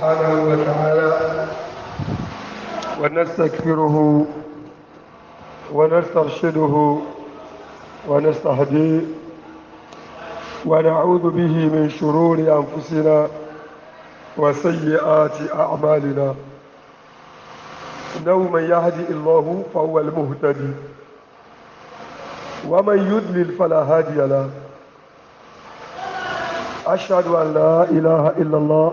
سبحانه وتعالى ونستكفره ونسترشده ونستهديه ونعوذ به من شرور أنفسنا وسيئات أعمالنا إنه من يهدي الله فهو المهتدي ومن يدلل فلا هادي له أشهد أن لا إله إلا الله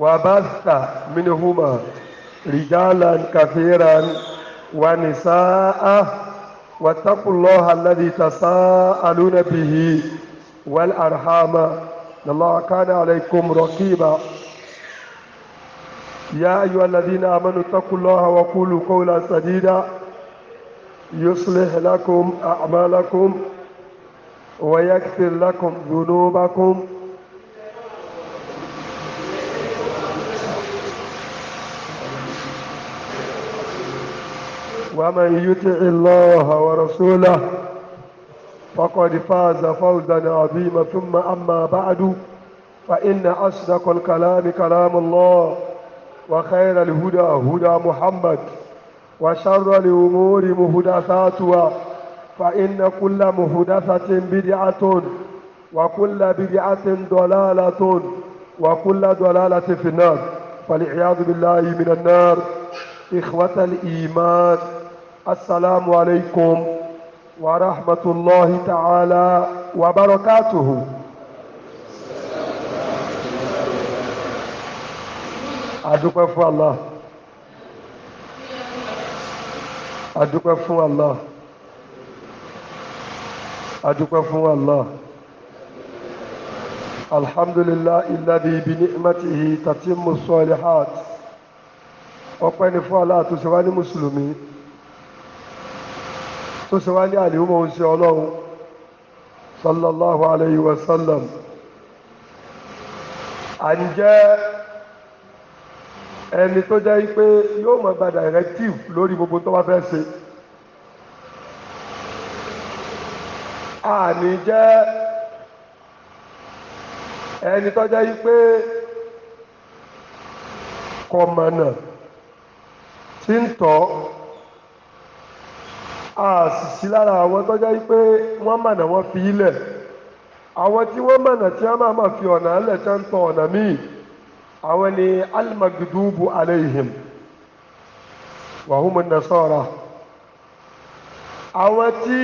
وبث منهما رجالا كثيرا ونساء واتقوا الله الذي تساءلون به والأرحام إن الله كان عليكم رقيبا يا أيها الذين آمنوا اتقوا الله وقولوا قولا سديدا يصلح لكم أعمالكم ويكفر لكم ذنوبكم ومن يطع الله ورسوله فقد فاز فوزا عظيما ثم أما بعد فإن أصدق الكلام كلام الله وخير الهدى هدى محمد وشر الأمور مهدثاتها فإن كل مهدثة بدعة وكل بدعة ضلالة وكل ضلالة في النار فالعياذ بالله من النار إخوة الإيمان السلام عليكم ورحمة الله تعالى وبركاته adúpẹ́ fún Allah adúpẹ́ fún Allah adúpẹ́ fún Allah alhamdulillah alladhi bi ni'matihi tatimmu salihat ọpẹ́ ni fún Allah àtúnṣe wa ní mùsùlùmí tó ṣe wá ní àlèhùnmọ̀ ń ṣe ọlọ́run sallallahu alayhi wa sallam à ń jẹ́ ẹni tó jẹ́ pé yóò mọ̀ gba directive lórí gbogbo tó bá fẹ́ ṣe. àní jẹ́ ẹni tó jẹ́ pé kọ̀mọ̀nà tí ń tọ́ àṣìṣì lára àwọn tó jẹ́ pé wọ́n mọ̀nà wọ́n fi ilẹ̀ àwọn tí wọ́n mọ̀nà tí wọ́n máa ma fi ọ̀nà alẹ̀ tó ń tọ ọ̀nà míì àwọn ni almagdubu aleihim wàhùnmù nasara àwọn tí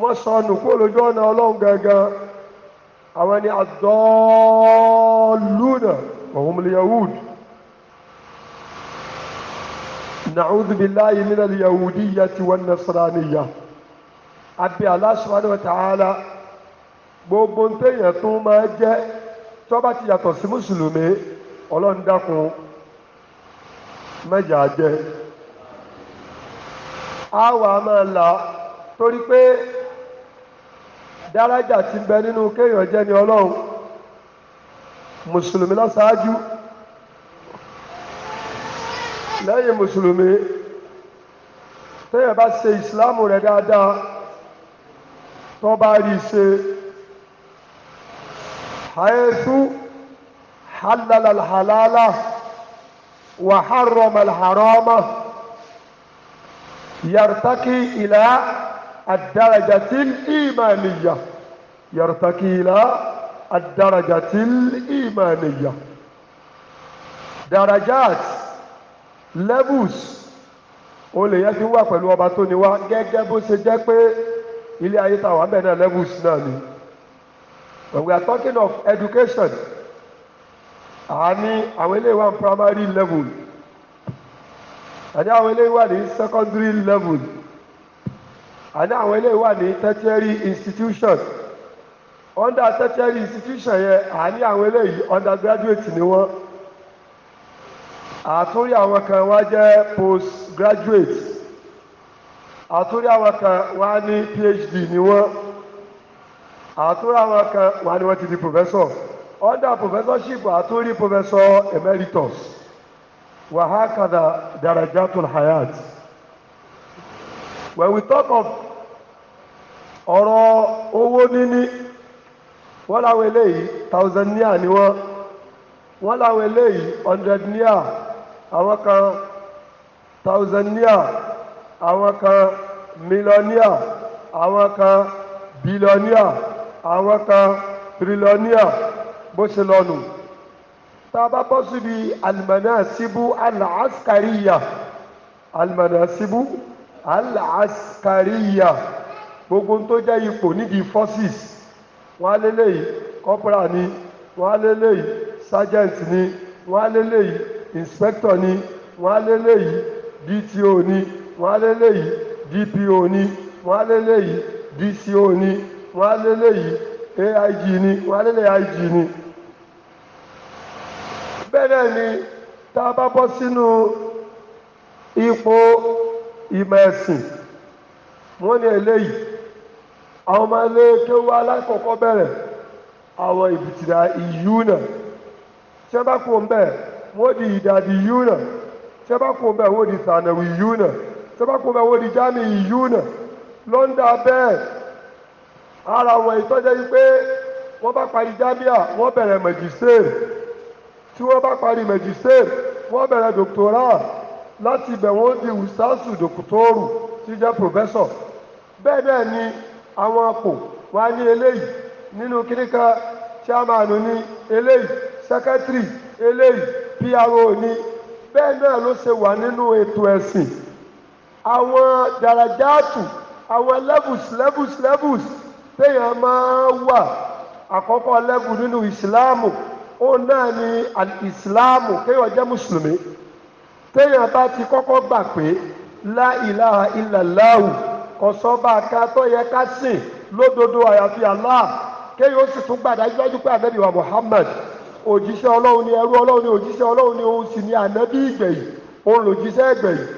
wọ́n sọnù kó lójú ọ̀nà ọlọ́run gangan àwọn ni adọ́ọ̀lùnà wàhùnmù yahud na'udhu billahi minal yahudiyyati wan nasraniyya àbí Allah subhanahu wa ta'ala gbogbo ntẹ̀yẹ̀ tó máa jẹ́ tó bá ti yàtọ̀ sí mùsùlùmí ọlọ́run dákun mẹ́jà jẹ́ á wà máa là torí pé dárájà ti bẹ nínú kéèyàn jẹ́ ni ọlọ́run mùsùlùmí lọ́sàájú lẹ́yìn mùsùlùmí téèyàn bá ṣe ìsìláàmù rẹ̀ dáadáa tó bá rí i ṣe àyẹ̀sù halalalhalala wà haramalharama yàrtákì ìlà àdàràjàtì ìmàníyà yàrtákì ìlà àdàràjàtì ìmàníyà darajat levels o lè yẹ fi wà pẹ̀lú ọba tó ni wá gẹ́gẹ́ bó ṣe jẹ́ pé ilé ayé tá wà bẹ́ẹ̀ levels náà ni when we are talking of education àní àwọn eléyìí wà primary level àní àwọn eléyìí wà ní secondary level àní àwọn eléyìí wà ní tertiary institution under tertiary institution yẹn àní àwọn eléyìí undergraduate ni wọ́n àtúrí àwọn kan wá jẹ́ postgraduate àtúrí àwọn kan wá ní phd ni wọ́n àtúrí àwọn kan wá ní wọ́n ti di professor under professorship àtúrí professor emeritus wàhákàdà darajatul hayat when we talk of ọ̀rọ̀ owó níní wọ́n láwọn eléyìí thousand naira ni wọ́n wọ́n láwọn eléyìí hundred naira àwọn kan tausania, àwọn kan milonia, àwọn kan bilonia, àwọn kan trilonia, bó ṣe lọ́nu tá a bá bọ́ síbi almanasibu alaskariya almanasibu alaskariya gbogbo tó jẹ́ ipò nídìí forces wọ́n á lélẹ́yìí corporal ni wọ́n á lélẹ́yìí sergeant ni wọ́n á lélẹ́yìí inspector ni wọ́n á léléyìí dto ni wọ́n á léléyìí dpo ni wọ́n á léléyìí dco ni wọ́n á léléyìí aig ni wọ́n á léléyìí ig ni. bẹ́ẹ̀ ni tá a bá bọ́ sínú ipò ìmọ̀ ẹ̀sìn wọ́n ní eléyìí àwọn ọmọ ilé kéwú alákọ̀ọ́kọ́ bẹ̀rẹ̀ àwọn ìbìtìrà ìyú náà tí wọ́n bá kú ń bẹ̀rẹ̀ wọ́n di ìdàdí yúnà tẹ́ bá kó bẹ́ẹ̀ wọ́n di sànàwì yúnà tẹ́ bá kó bẹ́ẹ̀ wọ́n di jámì yúnà lọ́ńdà bẹ́ẹ̀ ara wọn ìtọ́jẹ́ yìí pé wọ́n bá parí jámíà wọ́n bẹ̀rẹ̀ mẹ̀jísẹ́ẹ̀ tí wọ́n bá parí mẹ̀jísẹ́ẹ̀ wọ́n bẹ̀rẹ̀ dòkítọ́rà láti ibẹ̀ wọ́n di wùsàsù dòkítọ́rù tí jẹ́ pòfẹ́sọ̀ bẹ́ẹ̀ náà ni àwọn àpò wọn á ní eléyìí nínú kíríkà chairman ní eléyìí secretary eléyìí pro ni bẹ́ẹ̀ náà ló ṣe wà nínú ètò ẹ̀sìn àwọn dàrájáàtù àwọn levels levels levels téèyàn máa wà àkọ́kọ́ level nínú ìsìláàmù òun náà ni ìsìláàmù kéèyàn jẹ́ mùsùlùmí téèyàn bá ti kọ́kọ́ gbà pé la ilaha illallahu kọ̀sọ́ba ká tó yẹ ká sìn lódodo àyàfi Allah kéèyàn ó sì tún gbàdájú pé àbẹ́bí wa Muhammad òjíṣẹ́ ọlọ́run ni ẹrú ọlọ́run ni òjíṣẹ́ ọlọ́run ni òun sì ni ànábì ìgbẹ̀yìn òun lòjíṣẹ́ ìgbẹ̀yìn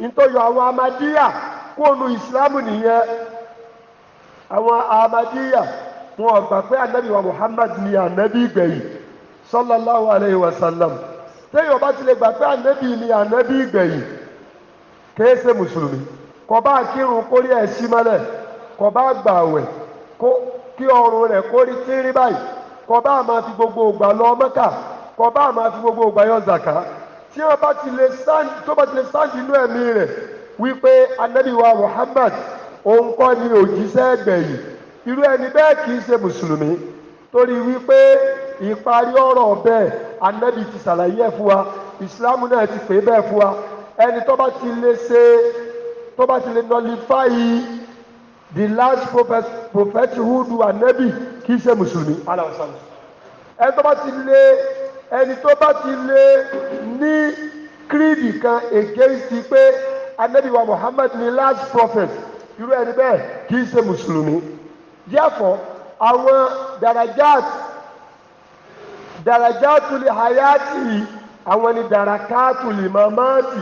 nítorí àwọn amadíyà kóònù ìsìlámù nìyẹn àwọn amadíyà wọn gbà pé ànábì wa Muhammad ni ànábì ìgbẹ̀yìn sallallahu alayhi wa sallam téèyàn bá ti gbà pé ànábì ni ànábì ìgbẹ̀yìn kìí ṣe mùsùlùmí kò bá kírun kórí ẹ̀ sí mọ́lẹ̀ kò bá gbààwẹ̀ kí ọrùn rẹ̀ kórí Tírí báyìí. kọ́ bá a máa fi gbogbo ògbà lọ mẹ́kà kọ́ bá a máa fi gbogbo ògbà yọ zàká tí wọ́n bá ti lè sáàjì tó bá ti lè sáàjì inú ẹ̀mí rẹ̀ wípé anabiwa Muhammad òun kọ́ ni òjíṣẹ́ gbẹ̀yìn irú ẹni bẹ́ẹ̀ kì í ṣe mùsùlùmí torí wípé ìparí ọ̀rọ̀ bẹ́ẹ̀ anabi ti ṣàlàyé ẹ̀ fún wa ìsìlámù náà ti pè é bẹ́ẹ̀ fún wa ẹni tó bá ti lè ṣe tó bá ti lè nọlifáyìí the last prophet prophethood wa nabi kì í ṣe mùsùlùmí aláwọ̀sán ẹni tó bá ti lé ẹni tó bá ti lé ní kírìdì kan against pé anabi wa muhammad ni last prophet irú ẹni bẹ́ẹ̀ kì í ṣe mùsùlùmí yẹ́fọ̀ àwọn darajat darajatuli hayati àwọn ni darakatuli mamati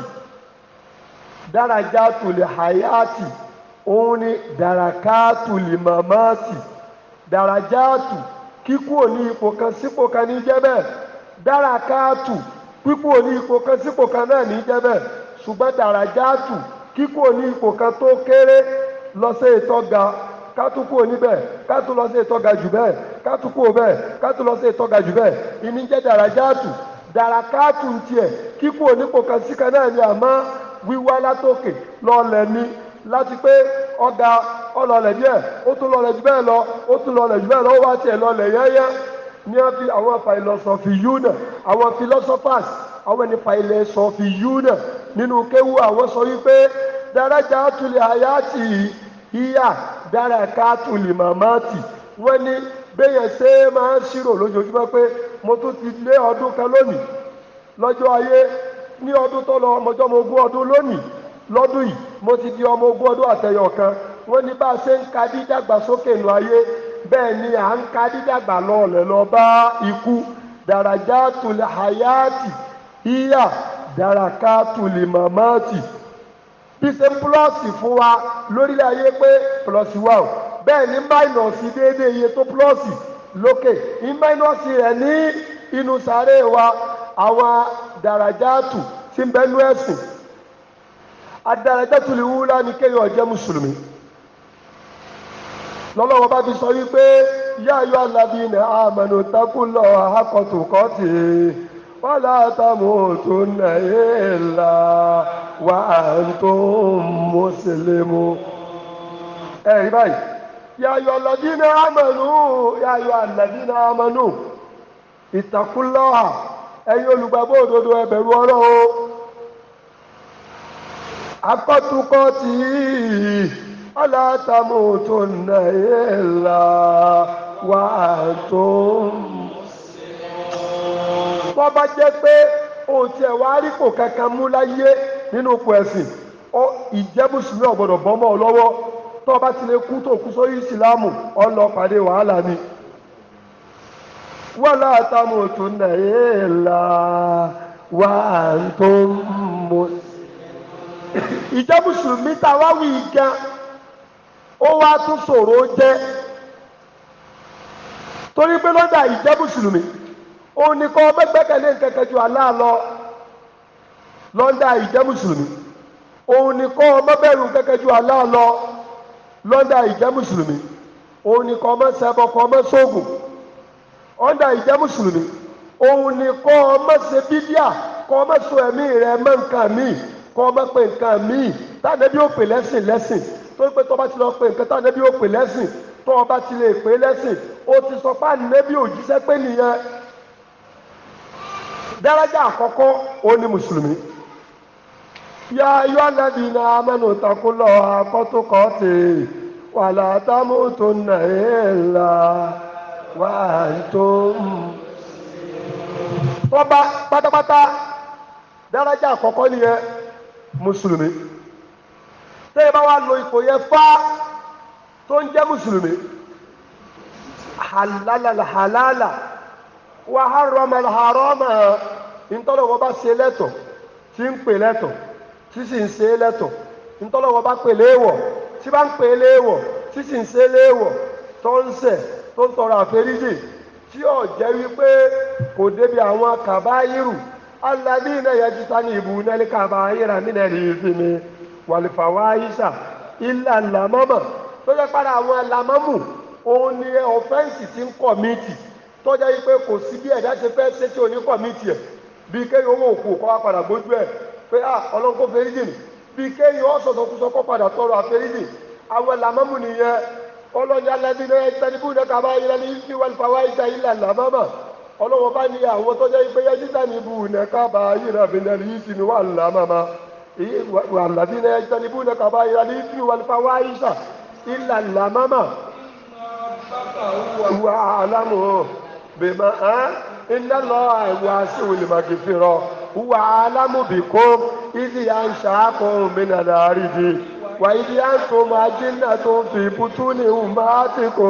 darajatuli hayati òun ni dàràkáàtù lìmọ̀mọ́sì dàràjáàtù kíkúrò ní ipò kan sípò kan ní jẹ́ bẹ́ẹ̀ dàràkáàtù pípò ní ipò kan sípò kan náà ní jẹ́ bẹ́ẹ̀ ṣùgbọ́n dàràjáàtù kíkúrò ní ipò kan tó kéré lọ sí ètò ga kátúkúrò níbẹ̀ kátú lọ sí ètò ga jù bẹ́ẹ̀ kátúkúrò bẹ́ẹ̀ kátú lọ sí ètò ga jù bẹ́ẹ̀ ìní jẹ́ dàràjáàtù dàràkáàtù tiẹ̀ kíkúrò nípò kan síkan náà ni àmọ́ wíwá látòkè lọ́ọ̀lẹ́ ní láti pé ọ̀gá ọlọ́lẹ̀ díẹ̀ ó tún lọ́lẹ̀ jù bẹ́ẹ̀ lọ ó tún lọ́lẹ̀ jù bẹ́ẹ̀ lọ ó wá tiẹ̀ lọ́lẹ̀ yẹ́yẹ́ ní wọ́n fi àwọn fàìlọ́sọ̀fì yún náà àwọn philosophers àwọn ẹni fàìlẹ́sọ̀fì yún náà nínú kéwú àwọn sọ wípé daraja atuli hayati iya daraka atuli mamati wọ́n ní bẹ́yẹn ṣe máa ń ṣírò lójoojúmọ́ pé mo tún ti lé ọdún kan lónìí lọ́jọ́ ayé ní ọdún tó lọ mọjọ́ mo ọdún lónìí lọ́dún yìí mo ti di ọmọ ogún ọdún àtẹyọ kan wọ́n ní bá a ṣe ń ka dídàgbàsókè nù ayé bẹ́ẹ̀ ni à ń ka dídàgbà lọ́ọ̀lẹ̀ lọ bá ikú dàràjá tulẹ̀ hayati ìyá dàràká tulẹ̀ mamati bí ṣe ń púlọ̀sì fún wa lórílẹ̀ ayé pé púlọ̀sì wà o bẹ́ẹ̀ ni máìnọ̀sì déédéé iye tó púlọ̀sì lókè ní máìnọ̀sì rẹ̀ ní inú sàárè wa àwọn dàràjá tù tí ń bẹ́nu ẹ̀sùn adarajatuli wúlá ni kéèyàn ó jẹ́ mùsùlùmí lọ́lọ́wọ́ bá fi sọ wípé yáyọ alábí ní àmàlù takùlọ àkọtùkọtì wọn látàmú tó nà éèlà wà á tó mùsùlùmù. ẹ rí báyìí yáyọ alábí ní àmàlù yáyọ alábí ní àmàlù ìtakùlọ ẹ̀yin olùgbàgbọ́ òdodo ẹ bẹ̀rù akọ́tukọ́tì alátàmútòǹdà ìlà wà tó wọ́n bá jẹ́ pé o tiẹ̀ wá rí kò kankan mú láyé nínú ipò ẹ̀sìn ìjẹ́ mùsùlùmí ọ̀gbọ́dọ̀ bọ́mọ́ ọ lọ́wọ́ o bá ti lè kú tó kú sórí ìsìlámù ọ lọ pàdé wàhálà ni wọ́lá àtàmùtò náà yé la wà á tó mọ̀ sí. ìjẹ́ mùsùlùmí tá a wá wí gan ó wá tún ṣòro jẹ́ torí pé lọ́dà ìjẹ́ mùsùlùmí òun ni kọ́ gbẹ́gbẹ́kẹ̀lé nkẹ̀kẹ́ ju lọ lọ́dà ìjẹ́ mùsùlùmí òun ni kọ́ ọmọ kẹ̀kẹ́ ju lọ lọ́dà ìjẹ́ mùsùlùmí òun ni kọ́ ọmọ kọ́ ọmọ sóògùn ọ̀dà ìjẹ́ mùsùlùmí òun kọ́ ọmọ emi. kọ́ kọ́ ọmọ pé nǹkan míì tánẹ́bí ó pè lẹ́sìn lẹ́sìn tó ń pẹ́ tó bá ti lọ pé nǹkan tánẹ́bí ó pè lẹ́sìn tó ọba ti lè pè lẹ́sìn ti sọ òjíṣẹ́ pé nìyẹn àkọ́kọ́ ó ní ya ni amẹ́nu takò lọ akọ́tòkọ́tì wàlá támútò nàìlà wà tó ń. tọ́ba pátápátá dẹ́rẹ́jà àkọ́kọ́ mùsùlùmí tẹ́yẹ bá wá lo ipò fá tó ń jẹ́ mùsùlùmí halala halala wa harama harama ntọ́lọ́wọ́ bá ṣe lẹ́tọ̀ tí ń pè lẹ́tọ̀ tí sì ń tọrọ àforíjì tí ó jẹ́ wípé kò débi àwọn kàbáyìrù alladina yajtanibuna al-kaba'ira min al-ithmi wal-fawahisha illa lamama tó jẹ́ àwọn òun ni ọ̀fẹ́ǹsì ti ń kọ̀mìtì tó jẹ́ wípé kò sí bí ẹ̀dá ṣe fẹ́ ṣe tí ò ní kọ̀mìtì ẹ̀ bí kéèyàn owó òkú kọ́ wá padà gbójú ẹ̀ pé à ah, ọlọ́nkó fẹ́rídìn bí kéèyàn ọ̀sọ̀sọ̀kúsọ kọ́ padà tọrọ àfẹ́rídìn àwọn nìyẹn ọlọ́nyà ọlọ́wọ́ bá ní àwọn tó jẹ́ pé yẹ́jísà ní ibú nẹ kábà yìí àbí nẹ rí sí ni wà ńlá màmá wà lábí nẹ yẹ́jísà ní ibú nẹ kábà yìí àbí sí wà nípa wá ìṣà ìlà ńlá màmá wà álámù bèèmà á iná lọ àìwá sí olùmọ̀kì fi rọ wà álámù bìkó ìdí à ń ṣàkó mìnà láàrídì wà ìdí à ń tó máa jìnnà tó fi bùtú ní ìhùn máa ti kò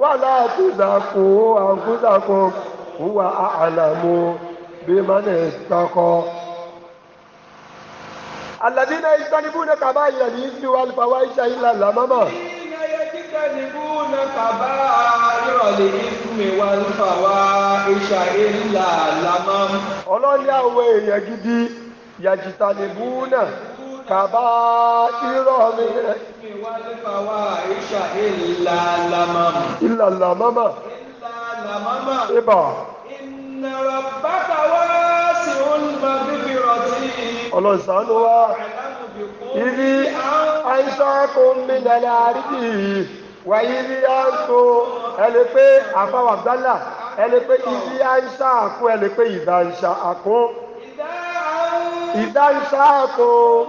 wà láti zàkó àǹkúzàkó huwa a'lamu biman ittaqa. alladhina yajtanibuna kaba'ira al-ithmi wal-fawahisha illa al-hamama. alladhina yajtanibuna kaba'ira al-ithmi wal-fawahisha ọlọ́ni àwọn èèyàn gidi yajtanibuna kàbá irọ́ mi. ìlàlámàmà. ìlàlámàmà. جهنم ربا إن ربك واسع المغفرة الله سبحانه إذ أنشأكم من الأرض وإذ أنتم ألفي أفا وعبدالله ألفي إذ أنشأكم ألفي إذا أنشأكم إذا أنشأكم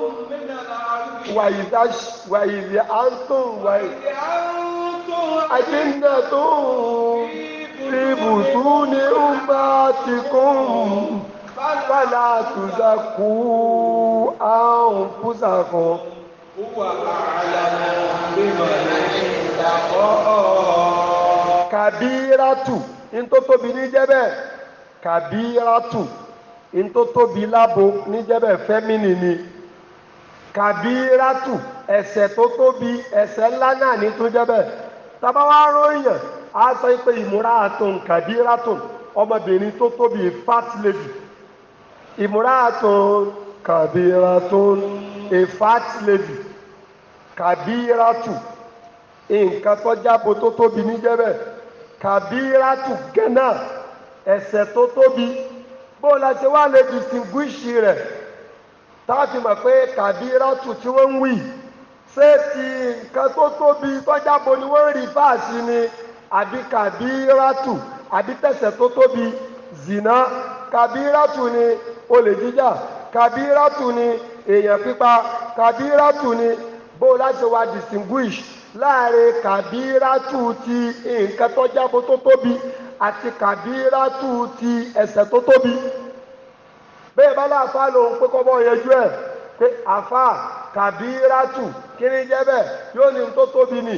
وإذا أنتم وإذ أنتم أجنة في بطون أمهاتكم فلا تزكوا أنفسكم هو أعلم بمن اتقى كبيرة انتو تبيني جبل كبيرة ntó tóbi lábo níjẹ́bẹ̀ fẹ́mìnì ni kàbíràtù tó tóbi ẹ̀ṣẹ̀ ńlá náà ní tó a sọ pé ìmúra àtún kàdíratùn ọmọbìnrin tó tóbi fat lady ìmúra àtún kàdíratùn a fat lady kàdíratù nǹkan tó jábo tó tóbi níjẹ́bẹ̀ kàdíratù gánà ẹ̀sẹ̀ tó tóbi bó la ṣe wá lè distinguish rẹ̀ tá a fi mọ̀ pé kàdíratù tí wọ́n ń wí ṣé ti nǹkan tó tóbi tó jábo ni wọ́n rí fáàsì ni àbí kàbíràtù àbí tẹ̀sẹ̀ tó tóbi zina. kàbíràtù ni olè jíjà kàbíràtù ni èèyàn pípa kàbíràtù ni bó láti wa distinguish láàrin kàbíràtù ti nǹkan tó jábọ̀ tó tóbi àti kàbíràtù ti ẹ̀ṣẹ̀ tó tóbi bẹ́ẹ̀ bá láàfáà lòun pé kọ́ bọ́ yẹjú ẹ̀ pé àfáà kàbíràtù kí ni jẹ́ bẹ́ẹ̀ yóò ní tó tóbi nì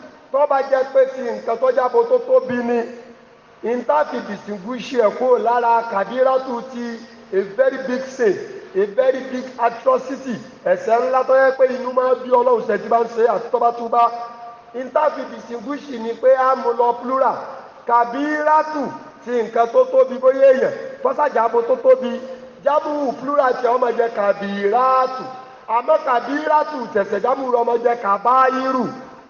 tó bá jẹ́ pé ti nǹkan tó jábọ̀ tó tóbi ni ìntàfi distinguish ẹ̀ kó lára kàbíràtù ti a very big sin a very big atrocity ẹ̀ṣẹ̀ ńlá tó yẹ pé inú máa bí ọlọ́run ṣẹ̀ tí bá ń ṣe àti tọ́bátúbá ìntàfi distinguish ni pé a mú lọ plural kàbíràtù ti nǹkan tó tóbi bóyá èèyàn fọ́sàjàbọ̀ tó tóbi jábùú plural ti ọmọ jẹ kàbíràtù àmọ́ kàbíràtù tẹ̀sẹ̀ jábùú ọmọ jẹ kàbáyírù.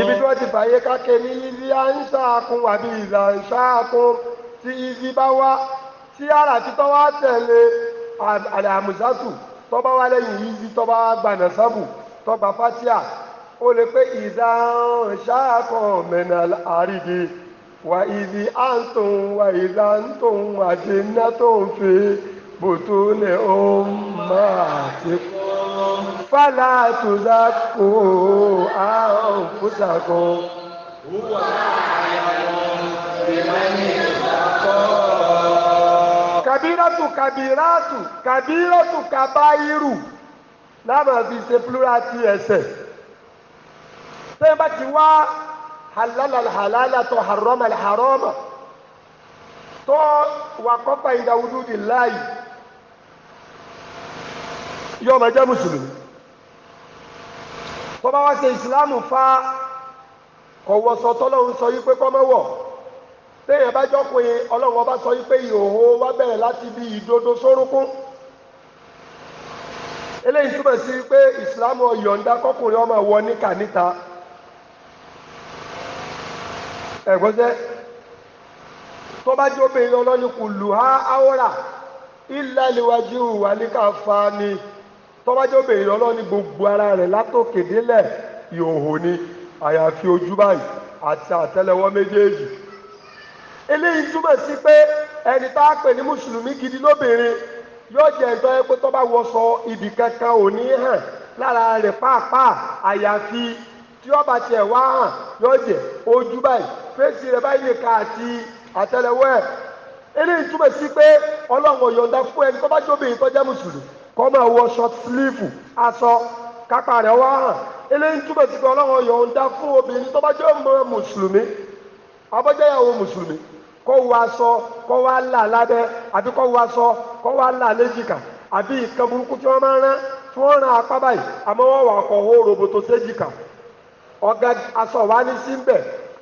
ibi tí wọ́n ti fàyè kákẹ́ ní ibi à ń ṣàkún àbí ìlà ń ṣàkún tí ibi bá wá tí ara títọ́ wá tẹ̀lé àlàmùsátù tọ́ba wá lẹ́yìn ibi tọ́ba wá gbànà sábù tọ́ba fatia ó lè pé ìdá ń ṣàkún mẹ́nà àrídì wà ibi à ń tòun wà ìlà ń tòun àdéhùn tó ń fi bòtó lè ó máa fàlà tùzà kò àwọn òkúta kan. wúwà àyàwó ìmọ̀ni ìgbàkọ́. kabiratu, kabiratu, kàbíràtù kàbáyírù láàmà fi ṣe plural ti ẹsẹ̀. sẹ́yìn ti wá halala halala tó haroma haroma tó wà kọ́pà ìdáwùdú di láàyè yọ̀ọ́ ma jẹ́ mùsùlùmí. tó bá wá fa kọ̀wọ́sọ tọ́lọ́run sọ yí pé kọ́mọ́wọ̀ téèyàn bá jọ́kùnrin ọlọ́run ọba sọ yí pé ìhòòhò wá bẹ̀rẹ̀ láti bí ìdodo sórúnkún eléyìí túmọ̀ sí pé ìsìláàmù ọ̀yọ̀ǹda kọkùnrin ọmọ wọ níkà níta ẹ̀gbọ́njẹ́ tó bá jẹ́ obìnrin ha áwòrà ìlàlíwájú wà tọ́bájọ́ obìnrin ọlọ́run ní gbogbo ara rẹ̀ látòkè délẹ̀ ìhòhò ni àyàfi ojú báyìí àti àtẹ́lẹwọ́ méjèèjì eléyìí túmọ̀ sí pé ẹni tá a pè ní mùsùlùmí gidi lóbìnrin yóò jẹ́ ẹ̀tọ́ ẹ pé tọ́ba wọṣọ ibì kankan ò ní hàn lára rẹ̀ pàápàá àyàfi tí ọba tiẹ̀ wá hàn yóò jẹ́ ojú báyìí fèsì rẹ̀ báyìí nìkan àti àtẹ́lẹwọ́ ẹ̀ eléyìí túmọ̀ sí pé ọlọ́run ò yọ̀ǹda fún ẹni tọ́ba jóbìnrin tó mùsùlùmí kọ́ máa wọ short sleeve aṣọ kápá rẹ̀ wá hàn eléyìí túbọ̀ sí pé ọlọ́run yọ̀ǹda fún obìnrin tó bá ọmọ mùsùlùmí mùsùlùmí kọ́ wọ aṣọ kọ́ wá là lábẹ́ àbí kọ́ wọ aṣọ kọ́ wá là léjìká àbí ala burúkú tí wọ́n máa rán tí wọ́n rán apá báyìí àmọ́ wọ́n wà kọ̀ ó roboto séjìká ọ̀gá aṣọ wa ní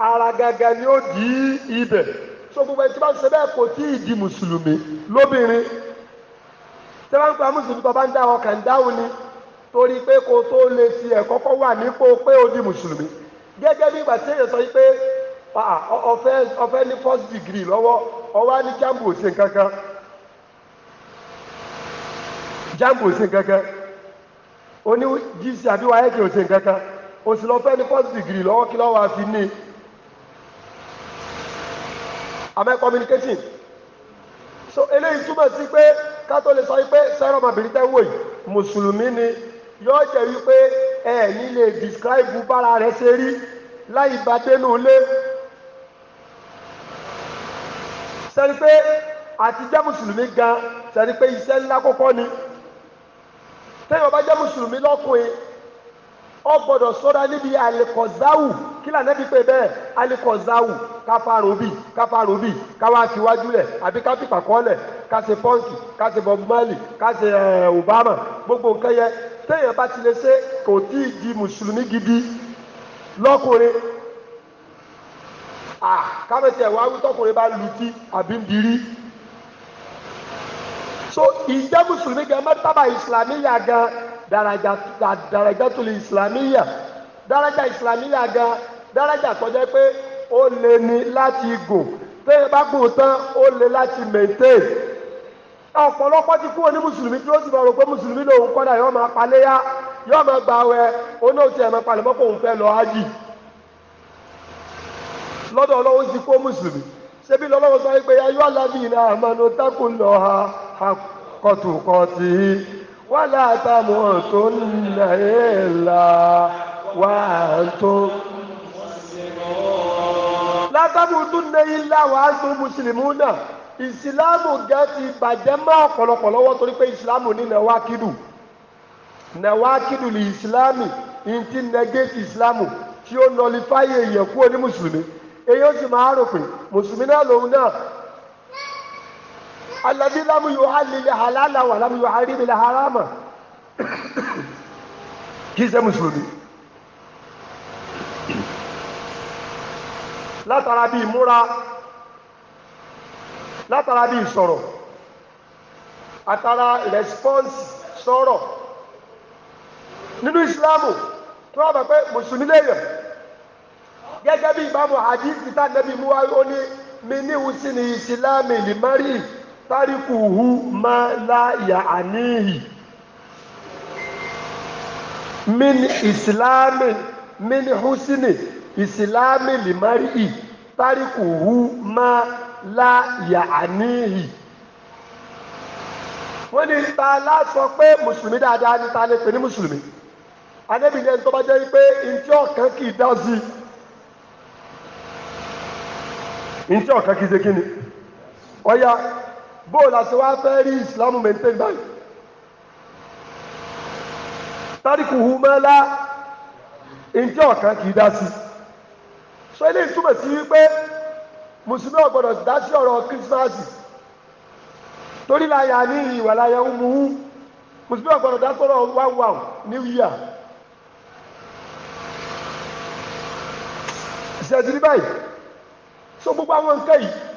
ara ni ó dì í ibẹ̀ so gbogbo ẹ̀ tí wọ́n ṣe bẹ́ẹ̀ kò tí ì di tẹ́wá ń pa mùsùlùmí tó bá ń dá wọn kàn dáhùn ni torí pé kó tó lè fi ẹ̀kọ́ wà nípò pé ó di mùsùlùmí gẹ́gẹ́ bí ìgbà tí èèyàn sọ pé ọ̀fẹ́ ọ̀fẹ́ ní first degree lọ́wọ́ ọwọ́ ní jambu ò ṣe jambu ò so eléyìí sí pé. ká tó lè sọ wípé sẹ́rọ̀ ọmọbìnrin tẹ́ wò yìí mùsùlùmí ni yóò jẹ́ wípé ẹ lè describe bára rẹ̀ ṣe rí láì bá dénú ilé. sẹ́ni pé àti jẹ́ mùsùlùmí gan sẹ́ni pé iṣẹ́ ńlá kọ́kọ́ ni téèyàn bá jẹ́ mùsùlùmí lọ́kùnrin ọ gbọ́dọ̀ ṣọ́ra níbi alikọzáwù kí lànà bí pé bẹ́ẹ̀ alikọzáwù káfárobì káfárobì káwá tiwájú lẹ àbí káfíkà kọlẹ káṣe pọnkì káṣe bob marley káṣe eh, obama gbogbo nǹkan yẹ téèyàn bá ti lè ṣe kò tí ì di mùsùlùmí gidi lọ́kùnrin à kámẹtẹ wàá wí tọkùnrin bá lu ti àbí ń dirí so ìjẹ́ mùsùlùmí gan mẹ́tàbà ìsìlámíyà gan. daraja daraja tó lè islamiyà daraja islamiyà gan daraja tó pé ó lè ní láti gùn téèyàn bá gùn tán ó lè láti maintain ọ̀pọ̀lọpọ̀ ti kúrò ní mùsùlùmí tí ó sì máa rò pé mùsùlùmí lòun kọ́dà yóò máa paléyà yóò máa gba awẹ ẹ̀ máa palẹ̀ mọ́kò òun fẹ́ lọ ájì lọ́dọ̀ ti mùsùlùmí ṣebí sọ wàlá àtàmú tó nà é là wà tó. látàmú tó nà é là wà tó mùsùlùmí náà ìsìláàmù gẹ́ ti bàjẹ́ mọ́ ọ̀pọ̀lọpọ̀ lọ́wọ́ torí pé ìsìláàmù ní nàwákìdù nàwákìdù lè ìsìláàmù ìntì nẹgẹ́tì ìsìláàmù tí ó nọlifáyé èèyàn kúrò èyí ó sì máa rò pé mùsùlùmí náà lòun náà alladhi lam yuhallil halala wa lam yuharrimil harama kì í ṣe mùsùlùmí. látara bíi múra látara bíi sọ̀rọ̀ àtara rẹ́spọ́nsì sọ̀rọ̀ nínú ìsìláàmù tí wọ́n bẹ̀ pé mùsùlùmí lèèyàn gẹ́gẹ́ bí ìbámu hadith tí tá ó ní mi níhùn sí ni ìsìláàmù ìlímárì tárìkùhù má láyà àníhì min ìsìlámì min húsìnì ìsìlámì lìmárì tárìkùhù má láyà àníhì wọ́n ní ta lásọ pé mùsùlùmí dáadáa ní ta lè pè ní mùsùlùmí adébíyẹn tó bá jẹ́ pé ntí ọ̀kan kì í dá ntí ọ̀kan kì í ṣe kí ni ọ̀ya bóòlù àti wá fẹ́ rí ìsìlámù maintain báyìí tárìkù humẹ́lá ǹjẹ́ ọ̀kan kì í dá sí so ilé ìtumọ̀ sí wípé mùsùlùmí ọ̀gbọ́dọ̀ dá sí ọ̀rọ̀ kírísímásì torí láyà ní ìwà láyà ń mú mùsùlùmí ọ̀gbọ́dọ̀ dá sọ̀rọ̀ one new year ìṣẹ́jú ní báyìí so gbogbo àwọn nǹkan yìí.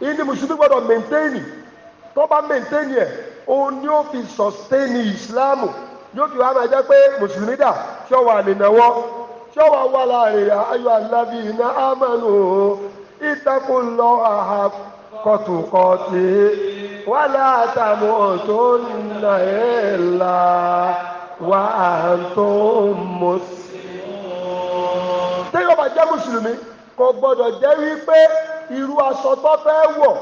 indi mùsùlùmí gbọdọ mẹ̀ntẹ́nì tó bá òun ni fi sọ̀stẹ́nì ìsìláàmù yóò fi wá máa jẹ́ pé mùsùlùmí dà ṣọ́wà àlìnàwọ́ ṣọ́wà wà láàrin ayọ̀ alábì iná ámàlù ìtàkùn lọ àhà kọ̀tùkọ̀tì wà látàmú ọ̀tọ́ nà ẹ̀ là wà á tó mọ̀ téèyàn bá jẹ́ mùsùlùmí kò gbọ́dọ̀ jẹ́ wípé. irú aṣọ tó fẹ́ wọ̀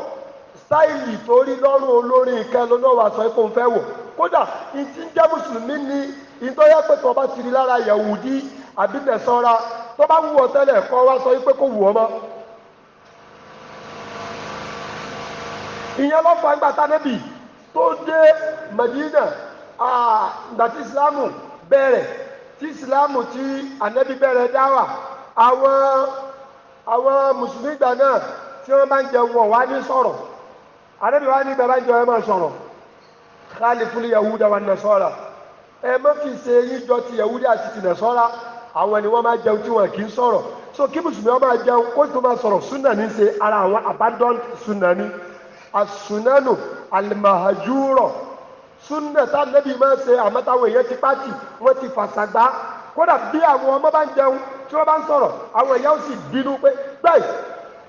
sáìlì tó lọ́rùn olórin ìkẹ́ lọ́wọ́ aṣọ ẹ̀ ń fẹ́ wọ̀ kódà ń jẹ́ mùsùlùmí ni pé bá ti rí lára Yẹ̀wùdí àbí tẹ̀sánra wù tẹ́lẹ̀ kọ́ wá sọ pé kò wù ọ́ mọ́. ìyẹn lọ́fọ̀ àgbàtà níbi tó dé Medina a Islam bẹ̀rẹ̀ tí Islam tí ànẹ́bí bẹ̀rẹ̀ dáwà àwọn. àwọn mùsùlùmí ìgbà náà tí wọ́n bá ń jẹun wọn wá ní sọ̀rọ̀ àdébí wá ní ìgbà bá ń jẹun ẹ máa sọ̀rọ̀ khaliful yahuda wa nasara ẹ má fi ṣe yín jọ ti yahuda àti ti nasara àwọn ni wọ́n máa jẹun tí wọn kì í sọ̀rọ̀ so kí mùsùlùmí wọn máa jẹun kó tó máa sọ̀rọ̀ sunna ní ṣe ara àwọn abandoned sunna ní asunanu alimahajuro sunna tá a nẹ́bí máa ṣe àmọ́ táwọn èèyàn ti pàtì wọ́n ti fàṣàgbá kódà bí àwọn ọmọ bá ń jẹun tí wọ́n bá ń sọ̀rọ̀ àwọn ẹ̀yà ó sì bínú pé báyìí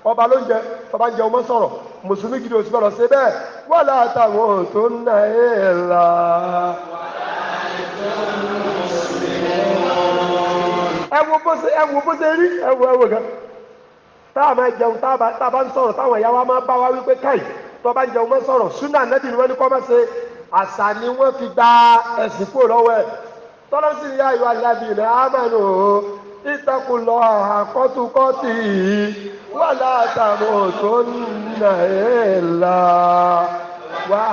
ọba ló ń jẹ ọba ń jẹ ọmọ sọ̀rọ̀ mùsùlùmí gidi òsì bọ̀rọ̀ ṣe bẹ́ẹ̀ wọ́n là tó ń na ẹ̀ la. ẹ bó ṣe ẹ bó ṣe rí ẹ wo gan tá a máa jẹun tá a bá ń sọ̀rọ̀ táwọn ẹ̀yà wa máa bá wa wípé káyì tó bá ń jẹun máa sọ̀rọ̀ súnà nẹ́bí ni wọ́n ní kọ́ máa ṣe àṣà ni wọ́n fi gba ẹ̀sìn kúrò lọ́wọ́ ẹ̀ tọ́lọ́sì ní ayọ̀ alábìlẹ̀ àmàlù ìtakùlọ̀ àkọ́tukọ́tì yìí wà látàmú tó nà é là wà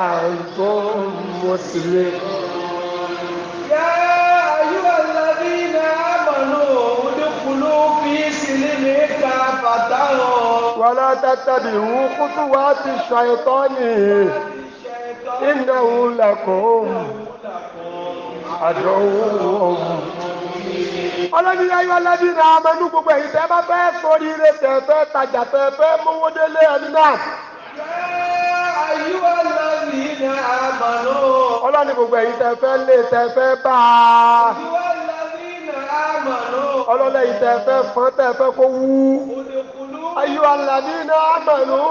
tó mùsùlùmí. yá ayúwà lábí náà mọ̀nà òun dẹ́kulú fi sílẹ̀ ní ká bàtà lọ. wàlá tàtàbí wù kútu wá ti ṣàìtọ́ ni ìnáwó làkùn àdánwò ọlọ́ni ayé ọlọ́ni ra amẹnú gbogbo ẹ̀yin tẹ́ bá fẹ́ sórí ire tẹ́ fẹ́ tajà tẹ́ fẹ́ mówó délé ẹni náà. ayé ọlọ́ni ra amẹnú. ọlọ́ni gbogbo ẹ̀yin tẹ́ fẹ́ lé tẹ́ fẹ́ bá a. ọlọ́lẹ̀ yìí tẹ́ fẹ́ fọ́n tẹ́ fẹ́ kó wú. ayé ọlọ́ni ra amẹnú.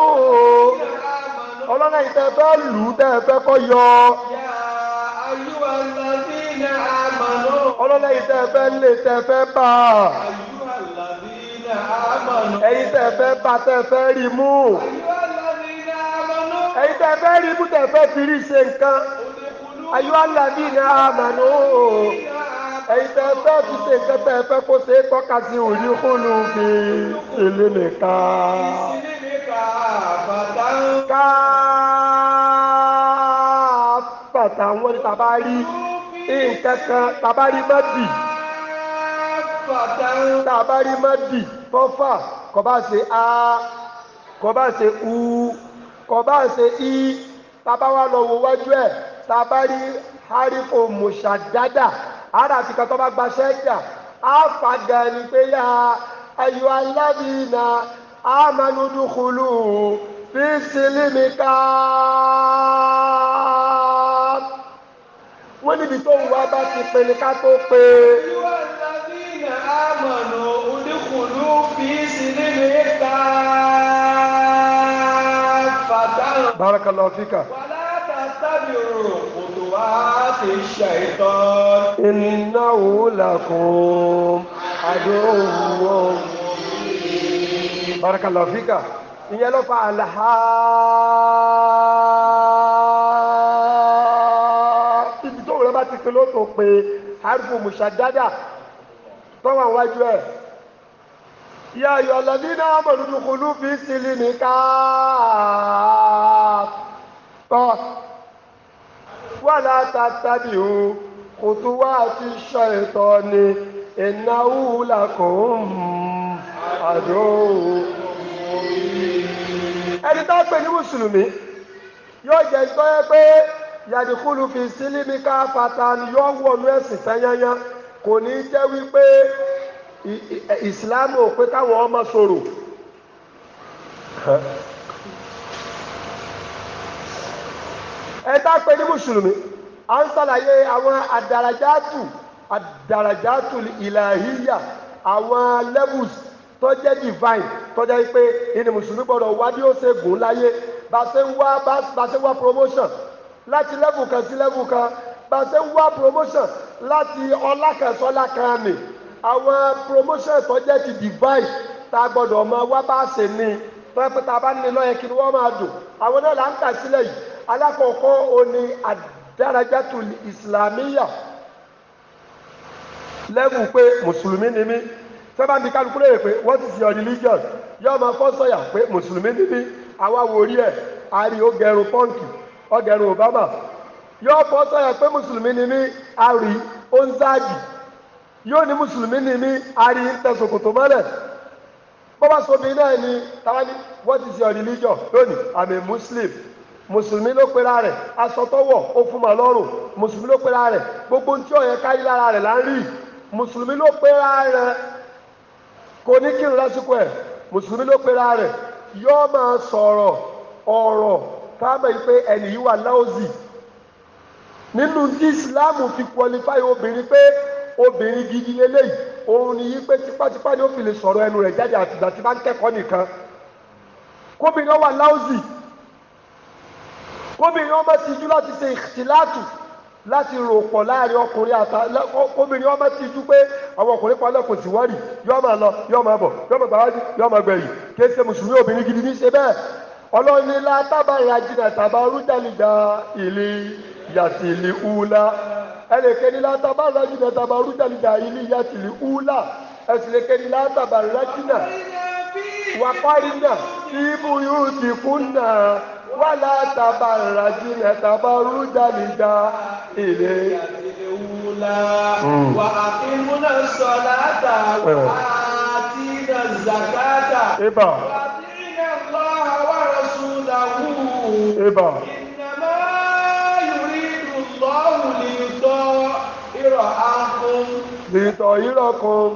ọlọ́lẹ̀ yìí tẹ́ fẹ́ lù tẹ́ fẹ́ kó yọ. ayé ọlọ́ni ra amẹnú ọlọ́lá yìí tẹ́ fẹ́ lè tẹ́ fẹ́ bá a. ẹ̀yin tẹ́ fẹ́ bá tẹ́ fẹ́ rí mú. ẹ̀yin tẹ́ fẹ́ rí mú tẹ́ fẹ́ fi rí ṣe nǹkan. ayọ́ alábí ni àmàlú ẹ̀yin tẹ́ fẹ́ fi ṣe nǹkan tẹ́ fẹ́ kó ṣe é tọ́ka sí òní kúnnú fi ilé nìkan. ká bàtà wọn ni tàbá rí nǹkan kan tabari má dì tabari má dì tọ́fà se a kò se u kò se i Tabawa wa lọ wo wájú ẹ tabari harifo musadada ara ti kan tó bá gba sẹ́jà á fa gan ni pé yá ayọ̀ alábìínà amanudukulu fi silimi káá wọ́n níbi tó ń wá bá ti pe ni ká tó pe. barakallahu fika. Innahu lakum aduwwun. Barakallahu fika. Ìyẹn ló fa àlàáhà. bá ti pe ló tó pe harfu mushadada tọ́wọ́n wájú ẹ̀. Ya ayọ̀ lẹ́bí náà mọ̀lúdú kulú fi sílí ní káàtọ́. Wà látàtàbí o, kò tó wá àti sọ ìtọ́ ni ìnáwó làkùn àdó. Ẹni tá a pè ní Mùsùlùmí yóò jẹ́ ìtọ́ ẹ pé yàdìkúlù fi sílímì káfàtà yọ wọnú ẹ̀sìn tẹ́yányá kò ní jẹ́ wípé ìsìlámù ò pé káwọn ọmọ sọ̀rọ̀ ẹ tá a pè ní mùsùlùmí à ń ṣàlàyé àwọn àdàràjàtù àdàràjàtù ìlàhíyà àwọn levels tó divine tó jẹ́ pé ìní mùsùlùmí gbọ́dọ̀ wá bí ó ṣe gùn láyé bá ṣe ń wá promotion láti level kan sí level kan bá ń wá promotion láti ọlá kan sọ́lá kan àwọn promotion tó jẹ́ ti divine tá a gbọ́dọ̀ máa wá bá a ṣe ní pẹ́pẹ́ tá a bá ní lọ́yẹ̀ kí ni wọ́n máa dùn àwọn náà là ń kà sílẹ̀ yìí alákọ̀ọ́kọ́ òní àdárajátu ìsìlámíyà level pé mùsùlùmí ni mí sẹ́bà ní kálukú lè pé what is your religion yóò máa fọ́ sọ̀yà pé mùsùlùmí ni mí àwa wò rí ẹ̀ àrí ó gẹrun pọ́ǹkì ọgẹrun obama yọọ bọsọ ya pé musulumi n'imi ari àrí yọọ ni musulumi n'imi ari tẹ̀sùn kòtò mọ́lẹ̀ bọ́bá sobi náà ni táwa ní what is your religion lónìí i'm a muslim musulumi ló pera rẹ̀ aṣọ tó wọ̀ ó fún mọ̀ lọ́rùn mùsùlùmí ló gbogbo ntí ọ̀yẹ́ káyí lára rẹ̀ là musulumi rí mùsùlùmí ló pera rẹ̀ kò ní kírun lásìkò ẹ̀ mùsùlùmí ló pera rẹ̀ yọ́ máa sọ̀rọ̀ ọ̀rọ̀ káàbẹ̀ yìí pé ẹni yìí wà láòzì nínú tí ìsìláàmù fi qualify obìnrin pé obìnrin gidi lélẹ́yìí òun ni yìí pé tipátipá ni ó fi lè sọ̀rọ̀ ẹnu rẹ̀ jáde àtìgbà tí bá ń kẹ́kọ̀ọ́ nìkan kóbìnrin wà láòzì kóbìnrin ọmọ tìjú láti ṣe ìtìláàtù láti rò pọ̀ láàrin ọkùnrin àtà kóbìnrin ọmọ tìjú pé àwọn ọkùnrin kan lẹ́kùn sí wọ́ọ̀rì yọ́ọ́ máa lọ yọ́ọ́ máa bọ̀ yọ́ọ́ máa gbàwájú yọ́ọ́ máa gbẹ̀yìn kí ẹ ṣe mùsùlùmí obìnrin gidi ní ṣe bẹ́ẹ̀ ọlọ́ni látàbà ìrajìnà tàbá rújàlìjà ìlí yàtìlì ùlà ẹnìkẹ́ni látàbà ìrajìnà tàbá rújàlìjà ìlí yàtìlì ùlà ẹ̀sìnkẹ́ni látàbà ìrajìnà wàkárìnà ìbú yóò ti kúnà wàlá tàbá ìrajìnà tàbá rújàlìjà ìlí yàtìlì ùlà hmm. wà á fi múná sọ̀lá tà wà á ti nà zakata. ṣébà. ìnàmá yorì lọ́wù lìtọ́ ìrọ̀ akun. lìtọ́ ìrọ̀ kan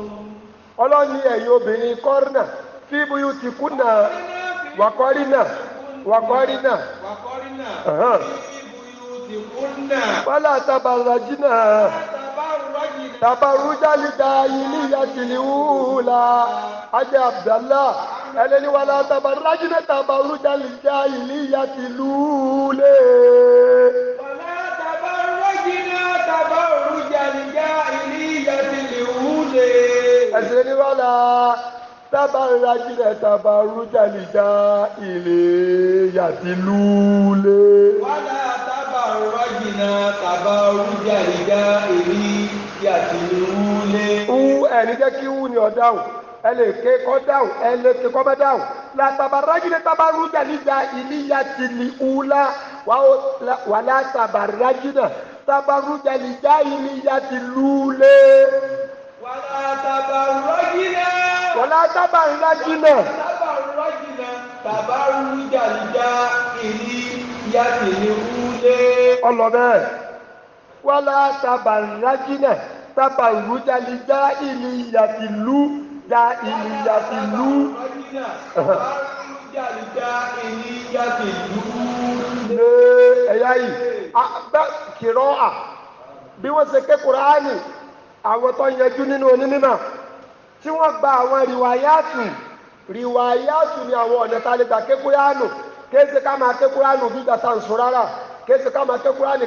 ọlọ́ni ẹ̀yin obìnrin kọ́rínà tí bóyú ti kúnà wàkọ́rínà wàkọ́rínà. wàkọ́rínà tí bóyú ti kúnà. wàlá tabarajínà tabaruja lidayiliya tiliwula ajẹ́ abdallah ẹlẹ́ni wàlá tabarajina tabaruja lidayiliya tilule. wàlá tabarajina tabaruja lidayiliya tilule. ẹsẹ̀ ni wàlá tabarajina tabaruja lidayiliya tilule. wàlá tabarajina tabaruja lidayiliya tilule wú ẹni jẹ́ kí wú ni ọ̀ dáhùn ẹ lè ké kọ́ dáhùn ẹ lè ké kọ́ bá dáhùn làtàbàrájú ni tabaru jàlíjà ìníyà ti lì wú la wà látàbàrájú náà tabaru jàlíjà ìníyà ti lù lé. wàlá tabarujú náà. wàlá tabarujú náà. tabarujú náà tabaru jàlíjà ti lì wú lé. ọlọ wala taba tabarrujali taba yatilu jahili yatilu. ẹ̀yà yìí kìrọ́ à bí wọ́n ṣe ké Kùránì àwọn tó yẹjú nínú onímọ̀ tí wọ́n gba àwọn ninu rìwáyàtù ni àwọn ọ̀nà tá a riwayatu gbà ké Kùránì kéèsì ká máa ké Kùránì bí gbàtà ń sùn rárá kéèsì ká máa ké Kùránì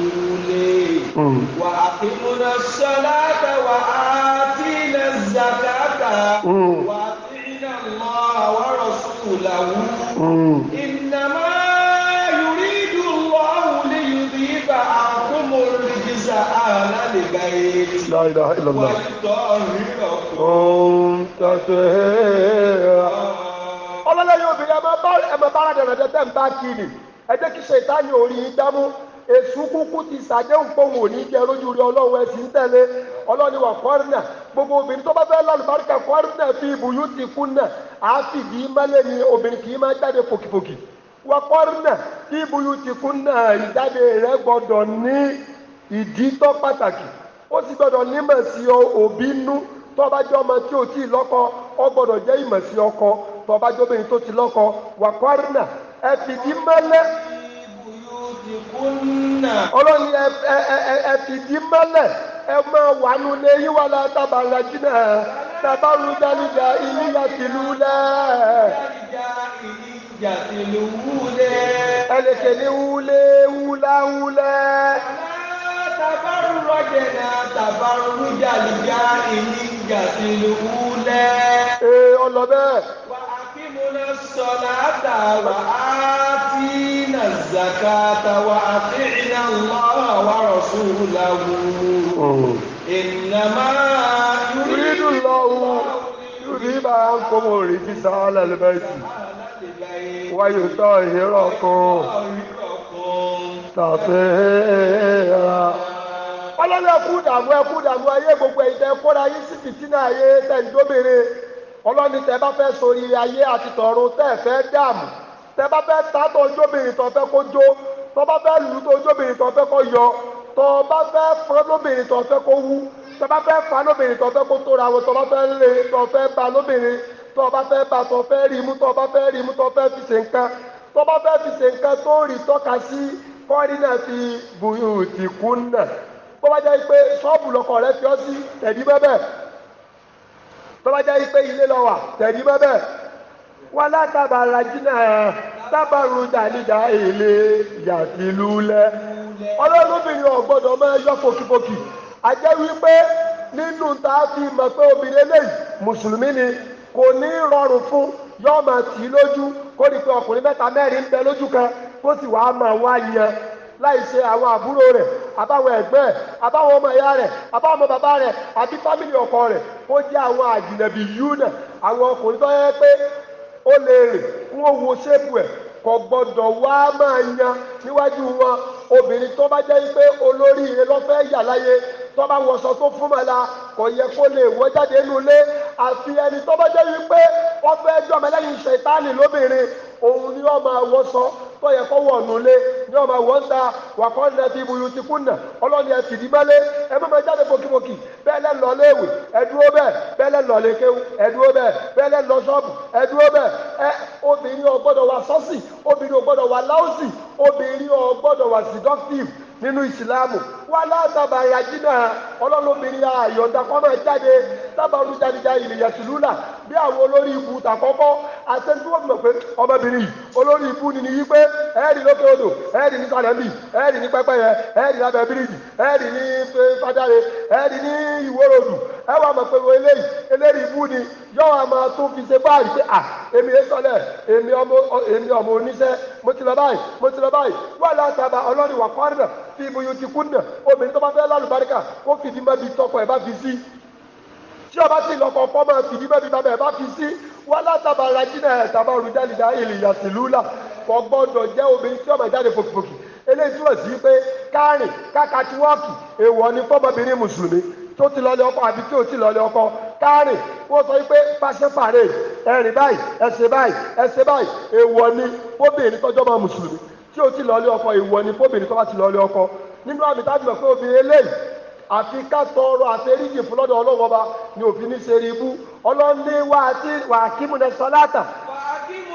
wà á fi múná sọlá tẹ wà á fi ilẹ̀ zakata wà á fi iná mọ́ àwọn ọ̀rọ̀ sùkùlà wù. ìnàmá yorí dùnwó wùlé yìí bá àkómọ rìgìsà àlá lè bá yé. láìda ìlànà. wọ́n ti tọ́ ọ̀rìn rẹ̀ kú. ohun tàtẹ́ ọlọ́lẹ́yìn obìnrin ẹ máa bá ẹ máa bá ara dẹ̀rẹ̀dẹ̀ tẹ̀ ń bá kiri ẹ jẹ́ kí ṣètá ní orí yín dámú èṣù kúkú ti ṣàdéhùn pòun ò jẹ lójú rí ọlọ́run ẹ̀ ń tẹ̀lé ọlọ́ni wà kọ́rìnà gbogbo obìnrin tó bá fẹ́ lálùbáríkà kọ́rìnà fi ibùyú ti kú náà àáfìdí mẹ́lẹ̀ ni obìnrin kì í máa jáde pòkìpòkì wà kọ́rìnà tí ibùyú ti kú náà ìjáde rẹ̀ gbọ́dọ̀ ní ìdí tó pàtàkì ó sì gbọ́dọ̀ nímọ̀ sí òbí nú tó bá jẹ́ ọmọ tí ò tí ì lọ́kọ ó gbọ́dọ̀ jẹ́ ìmọ̀ sí ọkọ tó bá jẹ́ obìnrin tó ti lọ́kọ wà kọ́rìnà ẹ fìdí mẹ́lẹ̀ ọlọ́run yẹ ẹ ẹ ẹ fìdí mẹ́lẹ̀ ẹ máa wà nù lé yín wà látà bàlá jìnnà tàbá lu dálíjà ìlú yàtìlú lẹ́. ẹ lè ké ní wúlé wúlá wúlẹ́. tàbárù rọ̀jẹ̀ náà tàbárù jàlíjà ìlú yàtìlú lẹ́. ee ọlọ وأقمنا الصلاة وآتينا الزكاة وأطعنا الله ورسوله إنما يريد الله يذهب عنكم الرجس على البيت ويطهركم تطهيرا ọlọ́run ẹkú ìdààmú ẹkú ìdààmú ayé gbogbo ẹ̀yìn yín sí fìtínà ayé ọlọ́ni tẹ bá fẹ́ sori ayé àti tọ̀run tẹ́ fẹ́ dààmú tẹ bá fẹ́ ta tó jóbìnrin tó fẹ́ kó jó tọ́ bá fẹ́ lù tó jóbìnrin tó fẹ́ kó yọ tọ́ bá fẹ́ fọ́n lóbìnrin tó fẹ́ kó wú tọ́ bá fẹ́ fa lóbìnrin tó fẹ́ kó tóra wọn tọ́ bá fẹ́ lé tọ́ fẹ́ ba lóbìnrin tọ́ bá fẹ́ ba tọ́ fẹ́ rí mú tọ́ bá fẹ́ rí mú tọ́ fẹ́ fi ṣe nǹkan tọ́ bá fẹ́ fi ṣe nǹkan tó rí tọ́ka sí kọ́rí náà fi bùrù tìkún náà bó bá jẹ́ pé ṣọ́ọ̀bù lọkọ̀ rẹ fi ọ́ sí tẹ̀dí bẹ́ẹ̀ bẹ́ẹ̀ tọ́ba jẹ́ ipe ilé lọ wà tẹ̀lé mọ́ bẹ́ẹ̀ wà látàbà rajina tábàrún dàlídà èlé yàtí lulẹ̀ ọlọ́lọ́bìnrin ọ̀gbọ́dọ̀ máa yọ pokipókì àjẹ́ wípé nínú ta a fi mọ̀ pé obìnrin eléyìí mùsùlùmí ni kò ní rọrùn fún yọ́ọ̀mà tì í lójú kó ọkùnrin mẹ́ta mẹ́rin ń bẹ lójú kan kó sì wàá máa wá yan láì ṣe àwọn àbúrò rẹ̀ àbáwọn ẹ̀gbẹ́ ẹ̀ àbáwọn ọmọ ìyá rẹ̀ àbáwọn ọmọ bàbá rẹ̀ àbí fámìlì ọkọ rẹ̀ ó jẹ́ àwọn àjìnàbí yúnà àwọn ọkùnrin tó yẹ pé ó lè rìn fún owó ṣépù ẹ̀ kò gbọ́dọ̀ wá máa yan níwájú wọn obìnrin tó bá jẹ́ pé olórí ire lọ́fẹ́ yà láyé tó bá wọṣọ tó fún mọ́ la kò yẹ kó lè wọ́ jáde nínú ilé àfi ẹni tó bá jẹ́ wípé wọ́n fẹ́ jọmọ lẹ́yìn ṣẹ̀tánì lóbìnrin òun ni wọ́n máa wọṣọ tó yẹ kó wọ̀ ọ̀nù lé ní ọmọ wọ́n ta wàkọ́ ní ẹtì ibùyù ti kún nà ọlọ́ni ẹtì ní mẹ́lẹ́ ẹ má máa jáde pokimoki bẹ́ẹ̀ lẹ́ lọ léèwé ẹdúró bẹ́ẹ̀ bẹ́ẹ̀ lẹ́ lọ lékewu ẹdúró bẹ́ẹ̀ bẹ́ẹ̀ lẹ́ lọ ṣọ́ọ̀bù ẹdúró bẹ́ẹ̀ ẹ obìnrin ò gbọ́dọ̀ wà sọ́sì obìnrin ò gbọ́dọ̀ wà obìnrin ò gbọ́dọ̀ wà seductive nínú ìsìláàmù wà látàbà àyàjínà ọlọ́lọ́bìnrin àyọ̀dá kọ́ máa jáde lábàrú jáde-jáde ìrìyàn tìlúnà bí àwọn olórí ibu tàkọ́kọ́ àtẹnudúwọ́ mọ̀ pé ọmọbìnrin olórí ibu ni yí pé ẹ̀ẹ́dì lókè odò ẹ̀ẹ́dì ní sàlẹ́mbì ẹ̀ẹ́dì ní pẹ́pẹ́yẹ ẹ̀ẹ́dì lábẹ́ bíríìjì ẹ̀ẹ́dì ní fàdáre ẹ̀ẹ́dì ní ìwóròdù ẹ wà mọ̀ pé wo eléyìí eléyìí bú ni yọ wà máa tún fi ṣe báyìí pé à èmi èso lẹ̀ èmi ọmọ èmi ọmọ oníṣẹ́ mo ti lọ báyìí mo ti lọ báyìí wà látàbà ọlọ́run wà kọ́rin náà fi ibùyùn ti kú náà obìnrin tó bá fẹ́ lálùbáríkà kó fìdí mẹ́bi tọkọ ẹ̀ bá fi sí tí ọba sì lọkọ̀ ọkọ máa fìdí mẹ́bi bàbá ẹ̀ bá fi sí wà látàbà rajínà ẹ̀ eléyìí túmọ̀ sí pé kárìn kákàtúwọ́ọ̀kì èèwọ̀ ni fọ́mọbìnrin mùsùlùmí tó ti lọ́lé ọkọ àbí tí ò ti lọ́lé ọkọ káàrè wọ́n sọ wípé pàṣẹ pàrẹ ẹ̀rìn báyìí ẹ̀sẹ̀ báyìí ẹ̀sẹ̀ báyìí èèwọ̀ ni fóbìnrin tọ́jọ́ máa mùsùlùmí tí ò ti lọ́lé ọkọ èèwọ̀ ni fóbìnrin tọ́ bá ti lọ́lé ọkọ nínú àmì tábìlì ọ̀pẹ́ obìnrin eléyìí àfi ká tọrọ àfẹríjì fún lọ́dọ̀ ọlọ́wọ́ ọba ni òfin ní ṣe rí ibú ọlọ́ni wà á kí múnẹ sọláàtà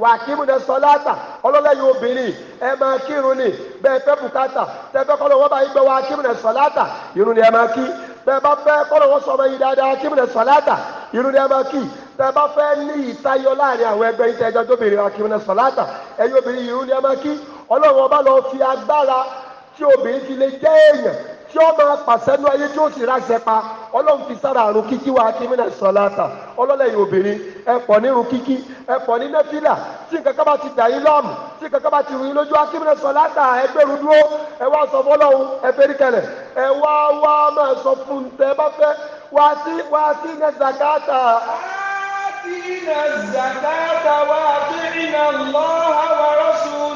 wà kí mu dẹ sọláàtà ọlọ́lẹ́yìn obìnrin ẹ máa kírun ni bẹ́ẹ̀ fẹ́ bùkátà tẹ́fẹ́ kọ́ lọ́wọ́ báyìí gbẹ wà kí mu dẹ sọláàtà irun ni ẹ máa kí bẹ́ẹ̀ bá fẹ́ kọ́ sọ ọmọ yìí dáadáa kí mu dẹ sọláàtà irun ni ẹ máa kí tẹ́ bá fẹ́ ní ìtayọ láàrin àwọn ẹgbẹ́ yìí tẹ́jọ́ tóbìnrin wà kí mu dẹ sọláàtà ẹ̀yin obìnrin irun ni ẹ máa kí ọlọ́run ọba lọ fi agbára tí obìnrin ti lè jẹ́ èèyàn tí ó máa pàṣẹ ní ayé tí ó sì ráṣẹ pa ọlọ́run fi sára àrùn kíkí wa kí mìíràn sọ láta ọlọ́lẹ́yìn obìnrin ẹ pọ̀ nírun kíkí ẹ pọ̀ ní nẹ́fílà tí nǹkan kan bá ti dà yín lọ́ọ̀mù tí nǹkan kan bá ti rù yín lójú wa kí mìíràn sọ láta ẹ dúró ẹ wá sọ fọlọ́run ẹ fẹ́rí kẹlẹ̀ ẹ wá wá máa sọ fún tẹ bá fẹ́ wá sí wá sí ní zakata. wá sí ní zakata wá sí ní Allah wa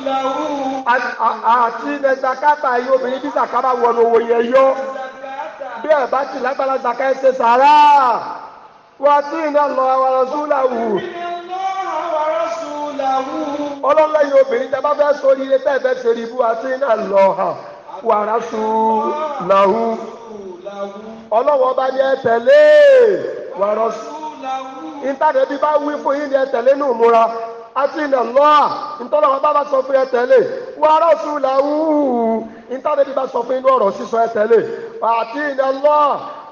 àti ilẹ̀ zakata yìí obìnrin bí zakaba wọnú owó yẹ yọ bí ẹ bá ti lágbára zaka ẹ ṣe sàrà wà sí iná lọ àwọn ọ̀rọ̀sùn làwù. ọlọ́lá yìí obìnrin tẹ́ bá fẹ́ sórí ilé tẹ́ fẹ́ sórí ibú àti iná lọ wàrà sùn làwù. ọlọ́wọ́ bá ní ẹ tẹ̀lé wàrà sùn. ìtàdé bí bá wí fún yín ni ẹ tẹ̀lé nù múra àti ilẹ̀ lọ́à ntọ́lọ́ wọn bá bá sọ fún ẹ tẹ́lẹ̀ wọ́n ará oṣù làwùú ntọ́lọ́ bí bá sọ fún inú ọ̀rọ̀ sísọ ẹ tẹ́lẹ̀ àti ilẹ̀ lọ́à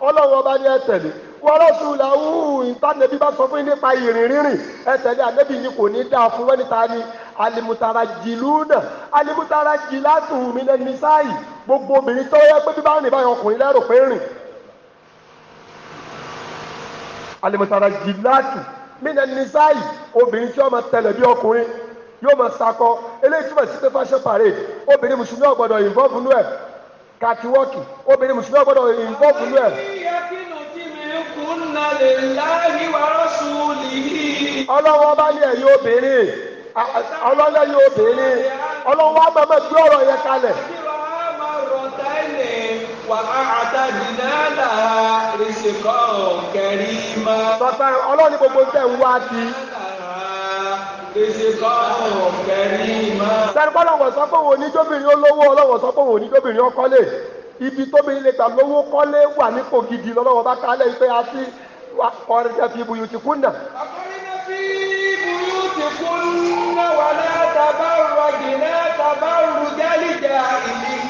ọlọ́wọ́ bá ní ẹ tẹ́lẹ̀ wọ́n ará oṣù làwùú ntọ́lọ́ bí bá sọ fún nípa ìrìn rírìn ẹ tẹ́lẹ̀ ànẹ́bí yìí kò ní dáa fún wẹ́ni ta ni alimutara jìlúùnà alimutara jìlátù mi lẹ́ni mina nisaayi obìnrin tí ó máa tẹlẹ bí ọkùnrin yóò máa sakọ eléyìí túmọ̀ sí pé fashion parade obìnrin mùsùlùmí ọ̀gbọ́dọ̀ involve nú ẹ̀ kàtíwọ́ọ̀kì obìnrin mùsùlùmí ọ̀gbọ́dọ̀ involve nú ẹ̀. ọlọ́wọ́ bá ní ẹ̀yin obìnrin ọlọ́lẹ́yìn obìnrin ọlọ́wọ́ á máa gbé ọ̀rọ̀ yẹn kalẹ̀. Sọ̀tà ọlọ́run gbogbo tẹ̀ ń wá ti. Sẹ́ni bọ́lọ̀wọ̀ sọ pé òun oníjóbìnrin olówó ọlọ́wọ̀ sọ pé òun oníjóbìnrin ọkọ́lé. Ibi tóbìnrin lè gbà lówó kọ́lé wà nípò gidi lọ́lọ́wọ́ bá kálẹ̀ ìpè àti ọ̀rẹ́dẹ̀ fi ibùyù ti kúndà. Ọkùnrin fi ibùyù ti kúndà wà náà tàbá rọ̀gì náà tàbá rùjálì jẹ́ àìlè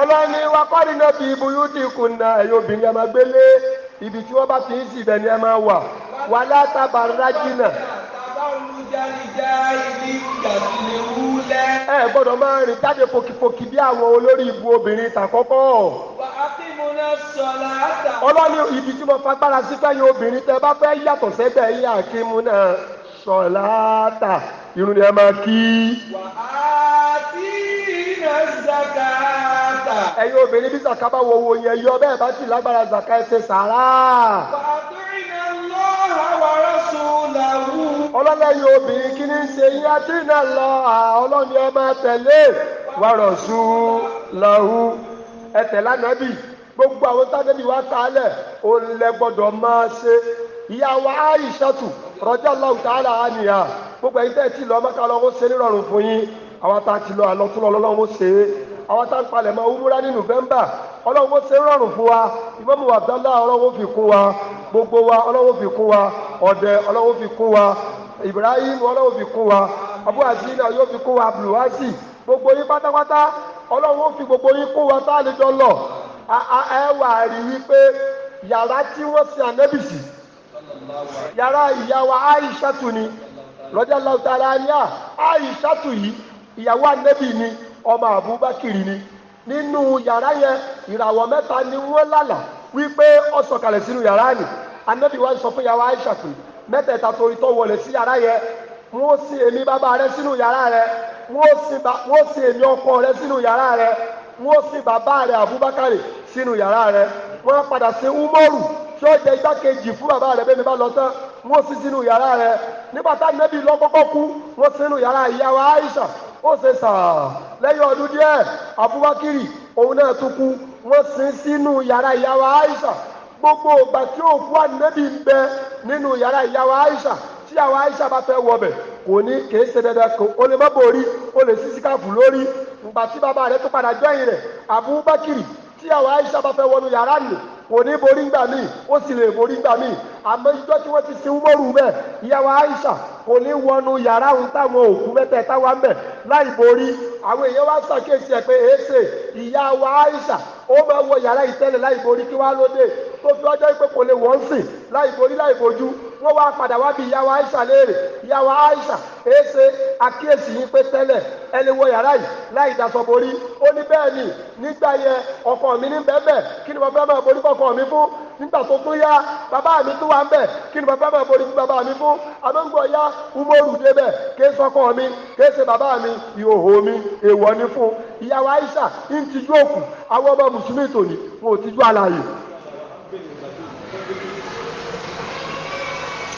ọlọ́ni wa kọ́ni náà bí ibùyú ti kùnà ẹ̀yin obìnrin ẹ̀ máa gbélé ibi tí wọ́n bá ti ń sìn bẹ́ẹ̀ ni ẹ máa wà wà látàbàrà jìnnà. ẹ gbọ́dọ̀ máa rìn jáde pokipoki bí àwọn olórí ibu obìnrin tàkọ́kọ́. ọlọ́ni ibi tí mo fagbára sí fẹ́ yín obìnrin tẹ́ bá fẹ́ yàtọ̀ sẹ́gbẹ̀ẹ́ yín àkímúnà sọ̀láàtà irun ni a máa kí. wà á ti iná zakata. ẹ̀yin obìnrin bí zaka bá wo owó yẹn yọ bẹ́ẹ̀ bá sì lágbára zaka ẹ ṣe sàrà. ọlọ́lẹ́yìn obìnrin kí ni ṣe yín àti iná lọ ọlọ́ni ẹ máa tẹ̀lé wàrọ̀ sùn lọ́hùn ẹ tẹ̀lé ànábì gbogbo àwọn tábìlì wa kálẹ̀ òun lẹ gbọ́dọ̀ máa ṣe ìyá wa Aisha tù tààrà àníyàn. gbogbo ẹ̀yin tẹ́ ti lọ mẹ́ka lọ́wọ́ ṣe nírọ̀rùn fún yín àwọn tá a ti lọ n'i tún lọ lọ́wọ́ ṣe àwọn wa fi wa gbogbo wa ọlọ́wọ́ fi kún wa ọ̀dẹ ọlọ́wọ́ fi kún wa Ibrahim fi wa yóò fi wa abdulwasi gbogbo yín pátápátá gbogbo a lè jọ lọ ẹ wà rí wípé yàrá tí wọ́n lọ́jà lọ́tara ní à ah, àìsàtù yìí ìyàwó ànẹ́bì ni ọmọ àbúbákìrì ni nínú yàrá yẹn ìràwọ̀ mẹ́ta ni wọ́n lálà wípé ó sọ̀kalẹ̀ sínú yàrá ni ànẹ́bì wá sọ fún ìyàwó àìsà pé mẹ́tẹ̀ẹ̀ta torí tó wọlé sí yàrá yẹn wọ́n sin èmi bàbá rẹ sínú yàrá rẹ wọ́n sin èmi ọkọ rẹ sínú yàrá rẹ wọ́n sin bàbá rẹ sínú yàrá rẹ wọ́n padà tí ó jẹ igbákejì fún bàbá rẹ bẹ́ẹ̀ ni bá lọ tán wọ́n sì sínú yàrá rẹ̀ nígbà tá nẹ́bí lọ́kọ́kọ́ kú wọ́n sínú yàrá ìyàwó Aisha ó ṣe sàá lẹ́yìn ọdún díẹ̀ Abubakiri òun náà tún kú wọ́n sin sínú yàrá ìyàwó Aisha gbogbo ìgbà tí òkú ànẹ́bí ń bẹ nínú yàrá Aisha tí Aisha bá fẹ́ wọbẹ̀ kò ní kìí ṣe dandan kò ó lè ó lè lórí ìgbà tí bàbá tó padà tí àwọn Aisha bá fẹ́ wọnú yàrá nì kò ní borí gbà míì ó sì lè borí gbà míì àmọ́ ìjọ tí wọ́n ti sin Umaru bẹ́ẹ̀ ìyàwó Aisha kò ní wọnú yàrá òun táwọn òkú mẹ́tẹ̀ẹ̀ta wá ń bẹ̀ láì borí àwọn èèyàn wá ṣàkíyèsí ẹ̀ pé èéṣe ìyàwó Aisha ó máa wọ yàrá ìtẹ́lẹ̀ láì borí kí wá lóde tó fi ọjọ́ ìpè kò lè wọ́n sìn láì borí láì bojú wọ́n wá padà wá bí ìyàwó Aisha léèrè ìyàwó Aisha èéṣe àkíyèsí yín pé tẹ́lẹ̀ ẹni wọ yàrá yìí láì dasọ borí ó ní bẹ́ẹ̀ ni nígbà yẹn ọkọ mi ní bẹ́ẹ̀ kí ni mo fẹ́ máa borí kọkọ mi fún nígbà tó tún yá bàbá mi tún wà ń bẹ̀ kí ni mo fẹ́ máa borí bàbá mi fún àmọ́ngbọ̀ yá umoru débẹ̀ kí sọkọ mi kí ṣe bàbá mi ìhòòhò mi èèwọ̀ ni fún ìyàwó Aisha ń tijú òkú àwọn ọmọ mùsùlùmí tòní wọn ò tijú àlàyé.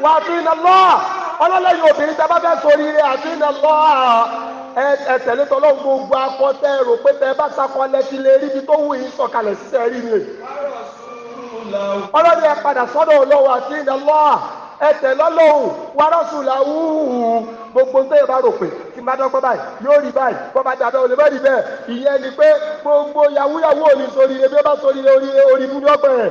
wà á tún iná lọ́ ọlọ́lẹ́yìn obìnrin tá a bá fẹ́ sórí rẹ̀ á tún iná lọ́ ẹ tẹ̀lé tọ́lọ́ gbogbo akọ́tẹ́ rò pé tẹ́ bá sakọ lẹ́tí lé rí ibi tó wù yín sọ̀kalẹ̀ sísẹ́ rí ni. ọlọ́ni ẹ padà sọ́dọ̀ ọlọ́wọ́ àti iná lọ́ ẹ tẹ̀lé ọlọ́hùn wàrọ́sùn làwùú gbogbo tó yẹ bá rò pé tí bá dọ́gbọ́n báyìí yóò rí báyìí bọ́ bá dàbẹ́ olè bẹ́ẹ̀ rí bẹ́ẹ̀ ìyẹn ni pé gbogbo yàwúyàwú ò ní sóríire bí ó bá sóríire oríire orí mú ní ọgbọ̀n ẹ̀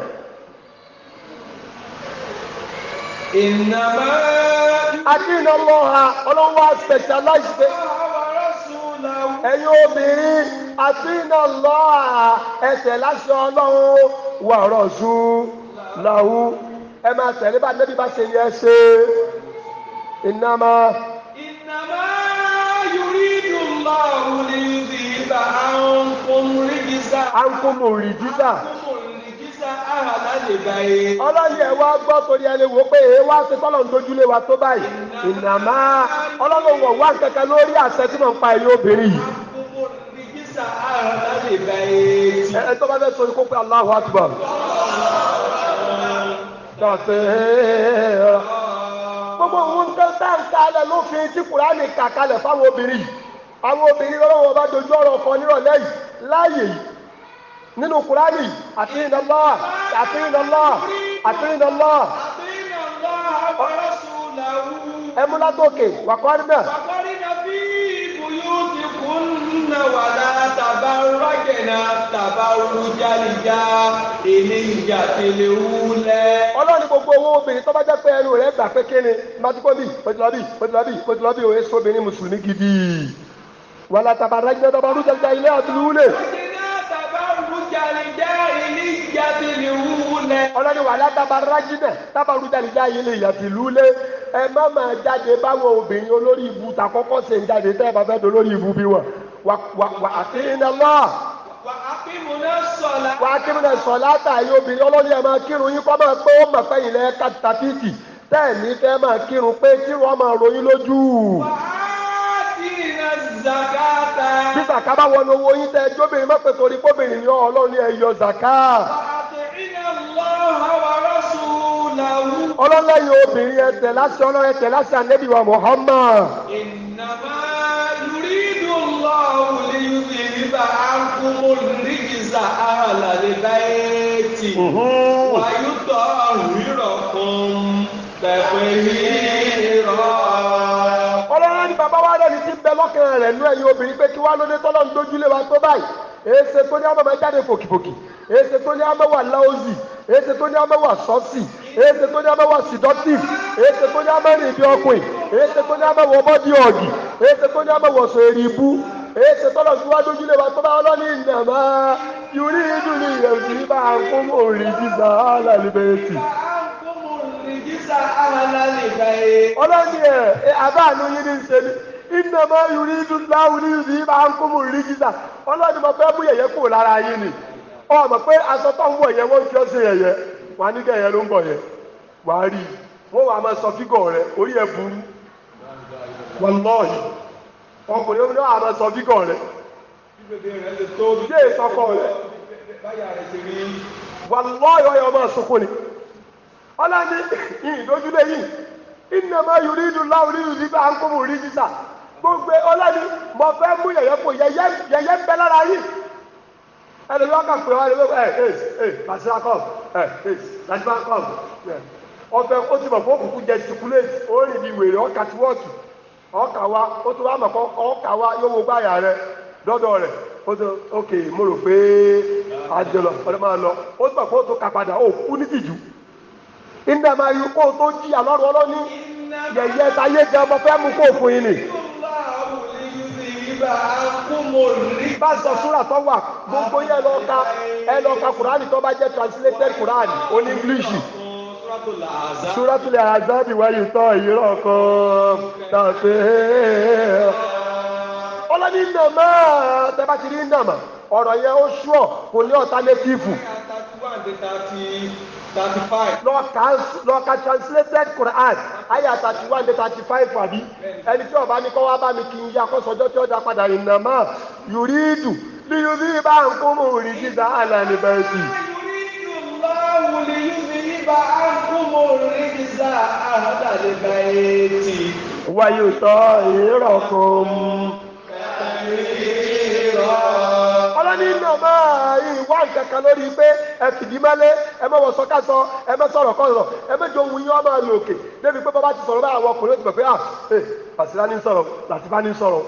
ìnàmá. akínà lọ́ha ọlọ́wọ́ specialize pé ẹ̀yin obìnrin akínà lọ́ha ẹsẹ̀ láṣẹ ọlọ́run wà rọ̀ṣù làwù ẹ máa tẹ̀lé bá débi bá ṣe yẹ ṣe ìnàmá. ìnàmá yuridu Allahu liyudhiba ankum rijsa. ankum rijsa àlìbáyé. ọlọ́ni ẹ̀ wá gbọ́ torí ẹ lè wò pé èé wá sí tọ́lọ̀ ń dojúlé wa tó báyìí. ìnàmá ọlọ́run wọ̀ wá kankan lórí àṣẹ tí mò ń pa ẹ̀yìn obìnrin yìí. ẹ tó bá fẹ́ sọ ikú pé Allahu Akbar. gbogbo ohun tó tá ń kalẹ̀ lófin tí Kùránì kà kalẹ̀ fáwọn obìnrin yìí àwọn obìnrin lọ́wọ́ bá dojú ọ̀rọ̀ kan nírọ̀lẹ́ yìí láàyè yìí nínú kùránì àtìrìnàlá àtìrìnàlá àtìrìnàlá ẹmúlátòkè wàkọ́rínà kunna wàlá tabarajẹna tabarujálija ènìyà tẹlẹ wúlẹ. ọlọ́run ní gbogbo owó obìnrin tó bá jẹ́ pé ẹnu rẹ̀ gbà pé kéne mọ́tíkọ́ bíi pẹ̀tùlábì pẹ̀tùlábì pẹ̀tùlábì òye sóbìnrin mùsùlùmí gidi wàlá tabarajẹna tabarujálija ilé àtúlù wúlẹ̀ jàlídá ilé ìyàtì lè wúlẹ̀. ọlọ́ni wàhálà tabarájí náà tabaru jàlídá ilé ìyàtì lúlẹ̀ ẹ má máa jáde báwọn obìnrin olórí ibu ta kọ́kọ́ ṣe ń jáde tẹ́ ẹ bá fẹ́ dolórí ibu bí wọn wà á kí iná lọ. wà á kí mu náà sọ̀lá. wà á kí mu náà sọ̀lá tàyé obìnrin ọlọ́ni ẹ máa kírun yín kọ́ máa pé ó mọ̀ fẹ́ ilẹ̀ kàtàkìtì tẹ́ẹ̀ ní fẹ́ máa kírun pé kírun ọmọ ròyìn lójú. wà á zakata. bí zakata wọ ní owó yín tẹ jóbìnrin má pè torí kóbìnrin ni ọlọ́run ní ẹ yọ zaka. ọlọ́lẹ́yìn obìnrin ẹ tẹ̀ ọlọ́run ẹ tẹ̀ ànẹ́bí wa Muhammad. bá wá rẹ́ni tí ń bẹ lọ́kàn rẹ̀ nú ẹ̀yin obìnrin pé kí wá lóde tọ́lọ́ ń dójúlé wa tó báyìí èsè tó ní àmọ́ jáde fòkìfòkì èsè tó ní àmọ́ láòzì èsè tó ní àmọ́ sọ́ọ̀sì èsè tó ní àmọ́ sìdọ́tìf èsè tó ní àmọ́ rìn ọkùnrin èsè tó ní àmọ́ wọ ọ̀gì èsè tó ní àmọ́ wọ̀sọ̀ èrì ibú èsè tọ́lọ̀ tí wá dójúlé wa tó bá ọlọ́ni ìnàmá yorùdùnú ìrẹ̀sì bá a sa amala lè ka ye. ọlọ́ni ẹ̀ abáàánú yín ní sẹ́ni ìnàmọ́ ní ìdí máa ń kó mu fẹ́ mú yẹ̀yẹ́ lára yín ni ọmọ pé aṣọ tó ń wọ̀ yẹn wọ́n fi ọ́ sí yẹ̀yẹ́ wàá ní ló ń bọ̀ rí i wọ́n sọ fígọ̀ rẹ orí ẹ̀ burú rẹ ṣé ìsọkọ rẹ máa ọlọ́ni ìdójúlé yìí ìnàmọ́ yorì ìdúlá òrí ìdí bá ń kó mu rí sísà gbogbo ọlọ́ni mo fẹ́ mú yẹ̀yẹ́ kó yẹ̀yẹ́ bẹ́ lára yìí ẹni kà pé ẹ ẹ ẹ pàṣẹ ẹ ẹ ó ti fún òkùnkùn jẹ wèrè ọkà tí ọkà wa rẹ ó mo rò pé àjọlọ lọ ó fún ìdàmà yìí kó o tó jí àlọ́run ọlọ́ni yẹ̀yẹ́ ta yé jẹ́ ọmọ fẹ́ mú kó o fún yín ni. bá a sọ súrà tó wà gbogbo yẹn lọ ka ẹ lọ ka kuraani tó bá jẹ́ translated kuraani oní english súrátùlẹ̀ àzábì wáyé tọ́ ìrọ̀ kan tàbí. ọlọ́ni nàmá tẹ́bá ti rí nàmá ọ̀rọ̀ yẹn ó ṣùọ̀ kò ní ọ̀tá létífù. 35. lọ ka lọ ka translated Quran aya thirty one de thirty five àbí ẹni tí ọba ní kọ́ wá bá mi kí n ya kó sọjọ́ tí ó da padà rìn nà máa yorí dù ní yorùbá bá ń kó mọ òrì jíjà àná ní bẹ́ẹ̀ sì. wáyé tọ́ ìrọ̀kùn. kàmí ní nàmá ìwà ìkàkà lórí pé ẹ fìdí mẹ́lẹ́ ẹ má wọ sọ́kàsọ ẹ má sọ̀rọ̀ kọ̀rọ̀ ẹ má jọ ohun yín ọmọ rìn òkè débi pé bàbá ti sọ̀rọ̀ bá àwọn ọkùnrin ó ti bẹ̀ pé ah ẹ eh, pàṣẹ ní sọ̀rọ̀ làtìbá ní sọ̀rọ̀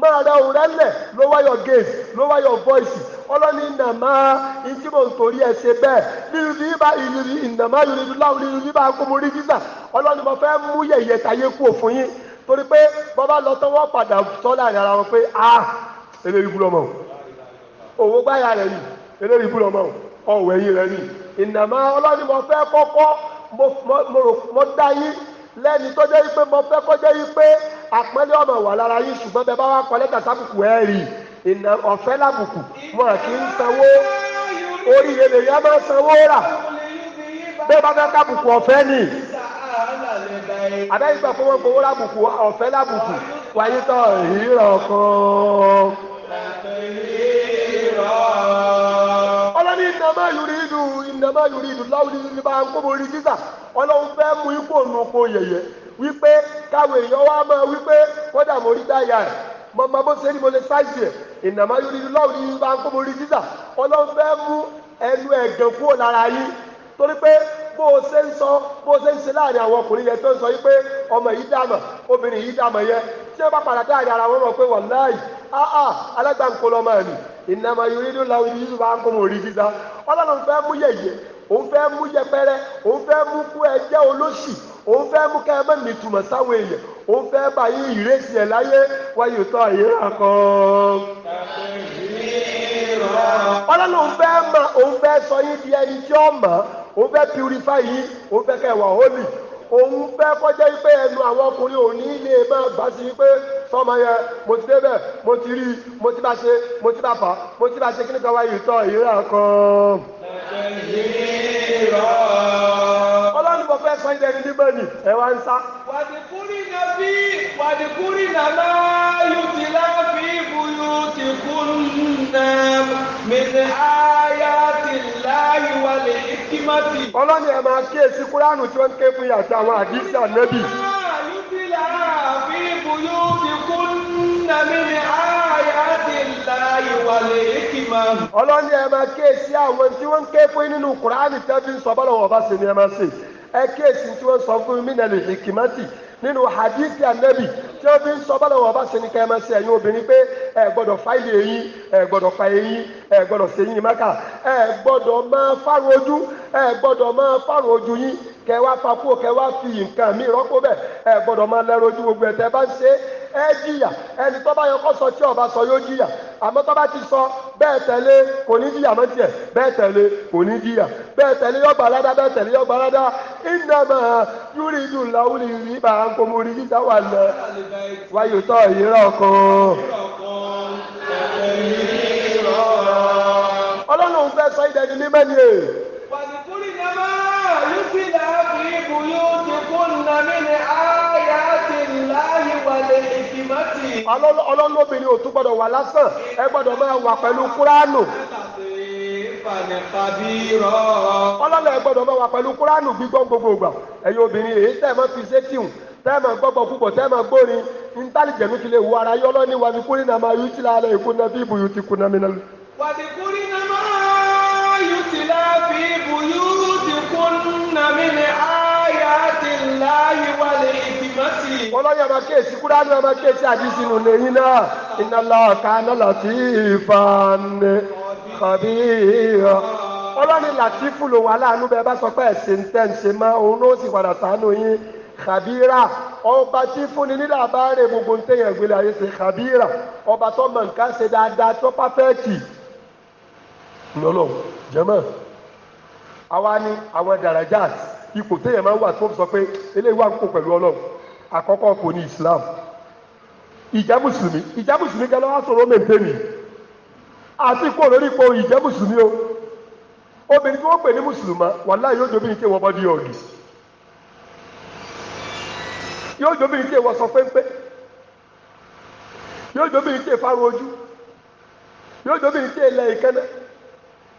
máa ra òun rẹ lẹ̀ lower your gaze lower your voice ọlọ́ni nàmá ìtí mò ń torí ẹ ṣe bẹ́ẹ̀ nínú ní bá ìlú ìnàmá ìlú ìlú láwùn nínú ní bá kómo rí fífà ọlọ́ni mo fẹ́ mú yẹ̀yẹ̀ tàyé kú òfin yín torí pé bọ́bá lọ tán wọ́n padà sọ́ láàrin ara òwò gbáyà rẹ̀ ni eléyìí búrọ̀ mọ́ ọ̀wọ̀ ẹ̀yìn rẹ̀ ni ìnàmọ́ ọlọ́ni mo fẹ́ kọ́kọ́ mo dá yín lẹ́ni tó jẹ́ pé mo fẹ́ kọ́ jẹ́ pé àpẹẹrẹ ọmọ wà lára yín ṣùgbọ́n bẹ́ẹ̀ bá wà kọ́ lẹ́tà sábùkù ẹ̀ rì ìnà ọ̀fẹ́ làbùkù wọn kì í sanwó oríire lèyìn á máa sanwó rà bẹ́ẹ̀ bá fẹ́ kábùkù ọ̀fẹ́ ni àbẹ́yìn gbà fún wọn gbowó lábùkù ọ̀fẹ́ lábùkù wáyé tó ìrọ̀ kan. ọlọ́ni ìnàmá yorì ìdù ìnàmá yorì ìdù láwùjọ ìdílé bá ń kó mo rí jísà ọlọ́run fẹ́ mú ikú ònú kó yẹ̀yẹ́ wípé káwọn èèyàn wá máa wípé kódà mo rí dáyà rẹ̀ mọ̀mọ́ bó ṣe ní mo lè ṣáìsì ẹ̀ ìnàmá ìdù láwùjọ bá ń kó mo rí ọlọ́run fẹ́ mú ẹnu ẹ̀gàn kúrò lára yín torí pé bó o ṣe ń sọ bó o ṣe ń ṣe láàrin ìnàmà yorùdó làwọn ibi yìí bá kọ́ mọ̀ rí sísá ọlọ́run fẹ́ mú yẹ̀yẹ́ òun fẹ́ mú yẹpẹrẹ òun fẹ́ mú kú ẹ olóṣì òun fẹ́ mú kẹ́ ẹ mọ̀ nìtumọ̀ sáwọn èèyàn òun fẹ́ bá yín ìrèsì ẹ̀ láyé wáyé tọ́ ìyẹ́ra kan. ọlọ́run fẹ́ mọ òun fẹ́ sọ yín di ẹni tí ó mọ̀ òun fẹ́ purify yín òun fẹ́ kẹ́ wà holy òun fẹ́ kọjá yìí ẹnu àwọn ọkùnrin ò lè máa gbà sí pé tọmọ yẹn mo ti débẹ̀ mo ti rí mo ti bá ṣe mo ti bá fà mo ti bá ṣe kíni kan wáyé ìtọ́ ìrírà kan. ẹ̀jẹ̀ yìí rọ̀ sọ pé ẹ̀sán ìdẹ́ni níbẹ̀ ni ẹ wá ń sá. wàdìkúrì nàbí wàdìkúrì nàbá yùtì láfi ibùyù ti kún nà mìíràn ayá ti láàyè wàlẹ̀ ìkímọ́tì. ọlọ́ni ẹ̀ máa kíyèsí kúránù tí wọ́n ń ké fún yàtọ̀ àwọn àdìsí ànẹ́bì. yùtì láfi ibùyù ti kún nà mìíràn ayá ti láàyè wàlẹ̀ ìkímọ́tì. ọlọ́ni ẹ̀ máa kíyèsí àwọn tí wọ́n ké fún nínú kúránù tẹ́fí sọ́bọ́lọ́wọ́ bá sì ni ẹ máa sè ẹ kéèsì tí wọ́n sọ fún mi nàlẹ́ ìkìmátì nínú hadithi anabi tí wọ́n fi ń sọ bọ́lá wọn bá ṣe ní kẹ́ ẹ máa ṣe ẹ̀yin obìnrin pé ẹ gbọ́dọ̀ fa ilé eyín ẹ gbọ́dọ̀ fa eyín ẹ gbọ́dọ̀ ṣe eyín maka ẹ gbọ́dọ̀ máa fárun ojú ẹ gbọ́dọ̀ máa fárun ojú yín kẹ wá papò kẹ wá fi nǹkan mi rọ́pò bẹ́ẹ̀ ẹ gbọ́dọ̀ máa lẹ́rọ ojú gbogbo ẹ̀ tẹ́ bá ń ṣe ẹ jìyà ẹni tó bá yọ kó sọ tí ọba sọ yóò jìyà àmọ́ tó bá ti sọ bẹ́ẹ̀ tẹ̀lé kò ní jìyà mọ́ tiẹ̀ bẹ́ẹ̀ tẹ̀lé kò ní jìyà bẹ́ẹ̀ tẹ̀lé yọgbà ládá bẹ́ẹ̀ tẹ̀lé yọgbà ládá ìnàmà yúrí dùn láwùrí rí bá a ń kó mu rí yíta wà lẹ wáyò tó ìrọ̀ kan. ọlọ́run fẹ́ sọ ìdẹ́ni mímẹ́ni. wàdìkúrì ni يتلى في بيوتكن من آيات الله والحكمة ọlọ́run obìnrin ò tún gbọ́dọ̀ wà lásán ẹ gbọ́dọ̀ máa wà pẹ̀lú kúránù. ọlọ́run ẹ gbọ́dọ̀ máa wà pẹ̀lú kúránù gbígbọ́n gbogbo ìgbà ẹ̀yin obìnrin èyí tẹ̀ mọ́ fi sétíhùn tẹ́ ma gbọ́gbọ́ púpọ̀ tẹ́ gbórin ti lè wo ara náà máa yú lára náà bí ti kú náà mi náà. náà máa yú كن من آيات الله والحكمة ọlọ́yà máa kéèsì kúránì máa kéèsì àdìsí nù lẹ́yìn náà iná lọ́ọ̀ká náà làtífà ní kàbíyà ọlọ́ni làtífù lòun aláàánú bẹ́ẹ̀ bá sọ pé ẹ̀sìn tẹ̀ ń ṣe mọ́ òun ló sì padà sànú yín kàbíyà ọba tí fúnni nílẹ̀ àbáre gbogbo ń tẹ̀yẹ̀ ayé ṣe kàbíyà ọba tó mọ̀ nǹkan ṣe dáadáa tó pàfẹ́ẹ̀tì lọ́lọ́ jẹ́mọ́. àwa ni àwọn dàrájà ipò téèyàn máa wà tó sọ pé eléyìí àkọ́kọ́ kò ní islam ìjẹ́ mùsùlùmí ìjẹ́ mùsùlùmí gẹ́gẹ́ wá sọ̀rọ̀ mẹ́ntẹ́nì àti kó lórí ipò ìjẹ́ mùsùlùmí o obìnrin tí wọ́n pè ní mùsùlùmá nke yóò jóbìnrin tí wọ́n bọ́ di sọ yóò tí ojú yóò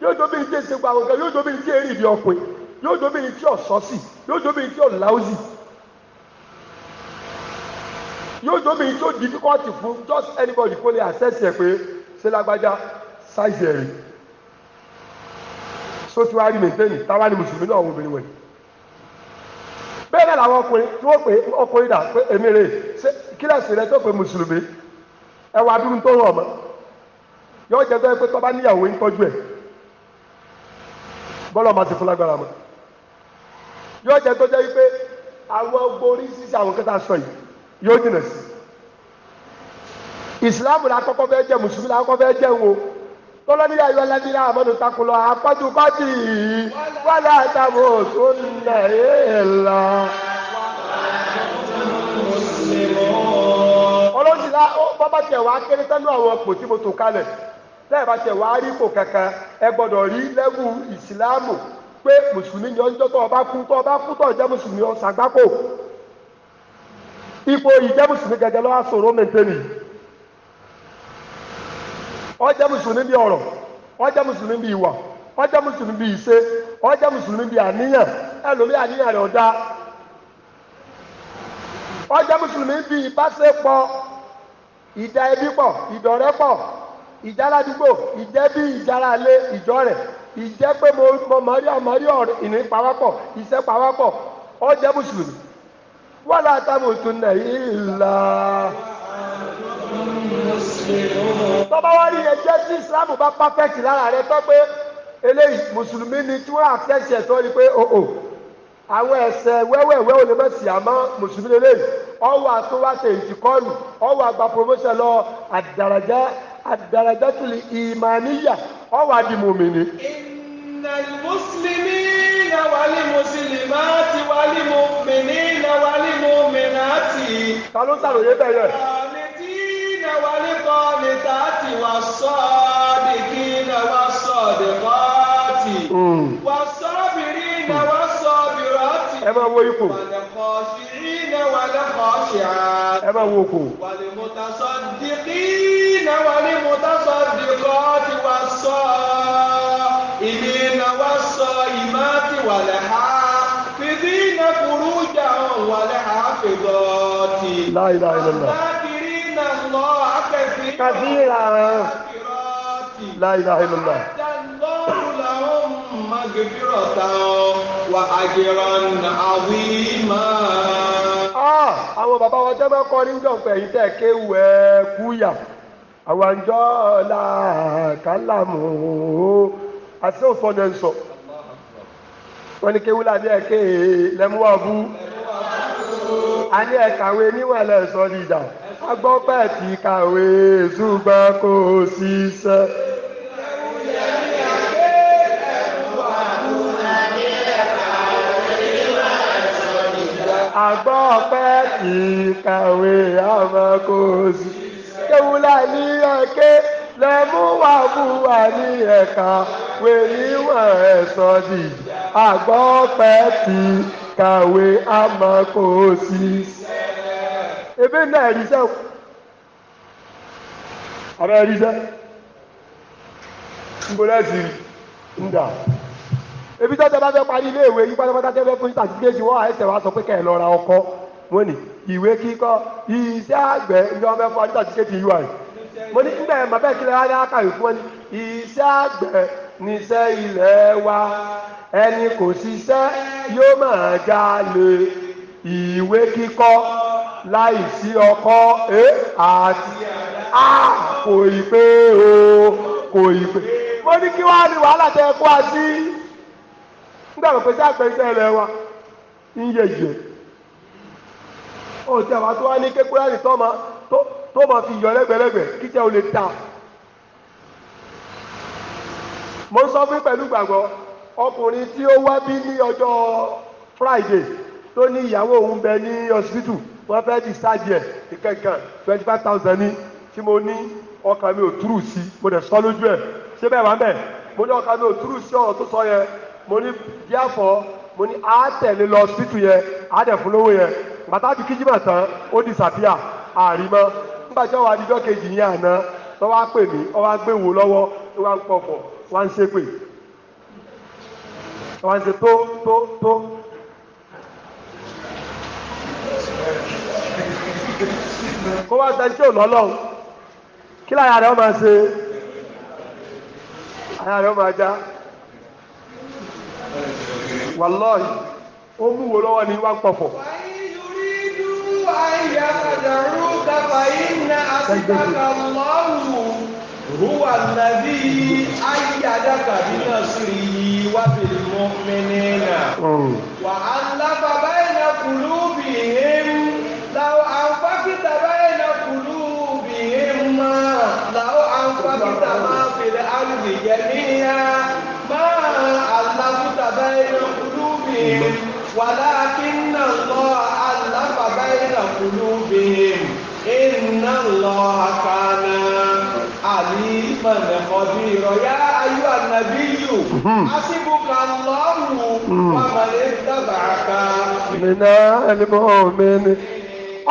yóò jóbi ní tí èsì pa àwọn kan yóò jóbi ní tí èrì ìdí ọkùnrin yóò jóbi ní tí ọ̀sọ́sì yóò jóbi ní tí ọ̀làwùsì yóò jóbi ní tí ó difficulty fún just anybody kó lè access ẹ̀ pé ṣé lágbájá size ẹ̀ so tí wàá rí maintain táwa ni mùsùlùmí náà wọ obìnrin wẹ̀ bẹ́ẹ̀ náà làwọn ọkùnrin tí wọ́n pè ọkùnrin dà pé èmi rè kílẹ̀sì rẹ tó pé mùsùlùmí ẹwà dúró tó rọ̀ mọ́ yọ jẹ́ tó yẹ pé tó bá níyàwó ń tọ́jú ẹ̀ bọ́lá ọmọ ti fún lágbára mọ́ yóò jẹ́ tó jẹ́ wípé àwọn gborí sísè àwọn kẹta sọ yìí yóò jìnà sí ìsìláàmù la kọ́kọ́ fẹ́ jẹ́ mùsùlùmí la kọ́kọ́ fẹ́ jẹ́ wo tọ́lọ́dún yà yọ ẹlẹ́dín náà àmọ́nu takulọ apájú pátì wàlá àtàwọn òṣùn nà ẹ̀ la. ọlọ́sìn la bọ́bá tẹ̀ wá kéré tẹ́nu àwọn ọ̀pọ̀ tí mo tò kalẹ̀. lẹ́ẹ̀bá tẹ̀ wá rí ipò kankan ẹ gbọ́dọ̀ rí lẹ́wù ìsìláàmù pé mùsùlùmí ni ọjọ́ tó ọba kú tó ọba kú tó ọjọ́ mùsùlùmí ọ̀sán gbáko ipò ìjẹ́ mùsùlùmí gẹ́gẹ́ lọ́wọ́ sọ̀rọ̀ mẹ́tẹ́nì ọjọ́ mùsùlùmí bí ọ̀rọ̀ ọjọ́ mùsùlùmí bí ìwà ọjọ́ mùsùlùmí bí ìṣe ọjọ́ mùsùlùmí bí àníyàn àníyàn rẹ̀ ọ̀dá ọjọ́ mùsùlùmí bí ìbáṣepọ̀ ìdá ẹbí pọ̀ ìjà ládùúgbò ìjẹ́bí ìjára lé ìjọ rẹ̀ ìjẹ́ pé mo mọ̀rí ọ̀mọ̀rí ìní pawápọ̀ iṣẹ́ pawápọ̀ ó jẹ́ mùsùlùmí wọ́n lá tábù tún nà ìlà. tọ́ba wá rí ẹjẹ́ tí islam bá pàfẹ́tì lára rẹ tọ́ pé eléyìí mùsùlùmí ni tí wọ́n àfẹ́sì ẹ̀ tó rí pé òò oh, oh, àwọn ẹ̀ṣẹ̀ wẹ́wẹ́wẹ́ ò lè mẹ́sì àmọ́ mùsùlùmí lélẹ́yìí ọwọ́ àtúwàṣe ìtìkọ́lù ọwọ́ àgbà promotion lọ àdàràjẹ́ àdàràdàtúlì ìmàníyà ọ̀wà di mòmìnì. innal muslimina wal muslimati wal mu'minina wal mu'minati. ta ló sàròyé bẹ́ẹ̀ yẹn. qanitina wal qanitati was-sadiqina was-sadiqati. Hmm. was-sabirina was-sabirati. ẹ máa wo ipò. wal لا إله إلا الله كثيرا لا إله إلا الله مغفرة وأجرا عظيما آه àwọn bàbá wa jẹ́ bá kọ́ ní ìjọ̀pẹ̀ yìí tẹ̀ kéwù ẹ̀ kúyà àwọn àjọ ọ̀la kálàmù àti òfò dẹ̀ ń sọ wọ́n ní kéwú làbí ẹ̀kẹ́ lẹ́múwà bú a ní ẹ̀kàwé níwọ̀n lẹ́sọ̀ nìjà a gbọ́ pẹ́ ti kàwé ṣùgbọ́n kò ṣiṣẹ́. àgbọ̀ wulani eke lẹmú wà búwa ní ẹ̀ka wèníwọ̀n ẹ̀sọ́ di àgbọ̀ pẹ́ ti kàwé àmọ́ kò sí. ebe náà rí sẹ́wọ̀ abẹ́ rí sẹ́ nbọ́lẹ́sì ń dà ebi tọ́jà bá fẹ́ parí ilé ìwé yí pátápátá tẹ́fẹ́ fún ìtàkùn kejì wọ́n àìsẹ̀ wá sọ pé kẹ́ ẹ̀ lọ ra ọkọ wọ́n ní ìwé kíkọ iṣẹ́ àgbẹ̀ ìjọ ọmọ ẹ̀fọ́ nígbà tí kéde yìí wà yìí mo ní nígbà yẹn bàbá ìkìlẹ̀ wáyé akáwé fún wọn ní iṣẹ́ àgbẹ̀ níṣẹ́ wa ẹni kò ṣiṣẹ́ yóò máa jalè ìwé kíkọ láìsí ọkọ ẹ àti a kò ì pé o kò ì pé mo ní kí wàá ní wàhálà tẹ kó a sí nígbà tó pèsè àgbẹ̀ iṣẹ́ ilẹ̀ wa ń yẹ̀yẹ̀ ó ti àbá tó wá ní kékeré ní tó máa fi yọ lẹ́gbẹ̀lẹ́gbẹ̀ kí tẹ́ o lè ta. mo ń sọ fún pẹ̀lú gbàgbọ́ ọkùnrin tí ó wá bí ní ọjọ́ Friday tó ní ìyàwó òun bẹ ní hospital wọ́n fẹ́ẹ́ di sáàjì ẹ̀ ìkẹ̀kẹ̀ twenty five thousand ní tí mo ní ọkàn mi ò túrù sí mo dẹ̀ sọ lójú ẹ̀ ṣé bẹ́ẹ̀ wá ń bẹ̀ mo ní ọkàn mi ò túrù sí ọ̀rọ̀ tó sọ yẹn mo ní díàfọ̀ mo ní àátẹ̀lé lọ hospital yẹn àádẹ̀fún yẹn bàtà bí kíjìmọ̀ tán ó disapia àrímọ́ nígbà tí wọ́n wá kejì ní àná wọ́n wá pè mí wọ́n wá gbé wo lọ́wọ́ wọ́n wá ń pọ̀pọ̀ wá ń ṣépè wọ́n wá ń ṣe tó tó tó. kó wá sẹ́ni ò lọ́lọ́run kí láyà rẹ̀ wọ́n máa ṣe àyà rẹ̀ wọ́n máa já ó mú lọ́wọ́ ni wọ́n á pọ̀pọ̀. أن يدعوك فإن أصدق الله هو الذي أيدك بنصره وبالمؤمنين وألف بين قلوبهم لو أنفقت بين قلوبهم لو أنفقت ما في الأرض جميعا ما ألفت ولكن الله قلوبهم إن الله كان عليما قديرا يا أيها النبي حسبك الله ومن اتبعك من المؤمنين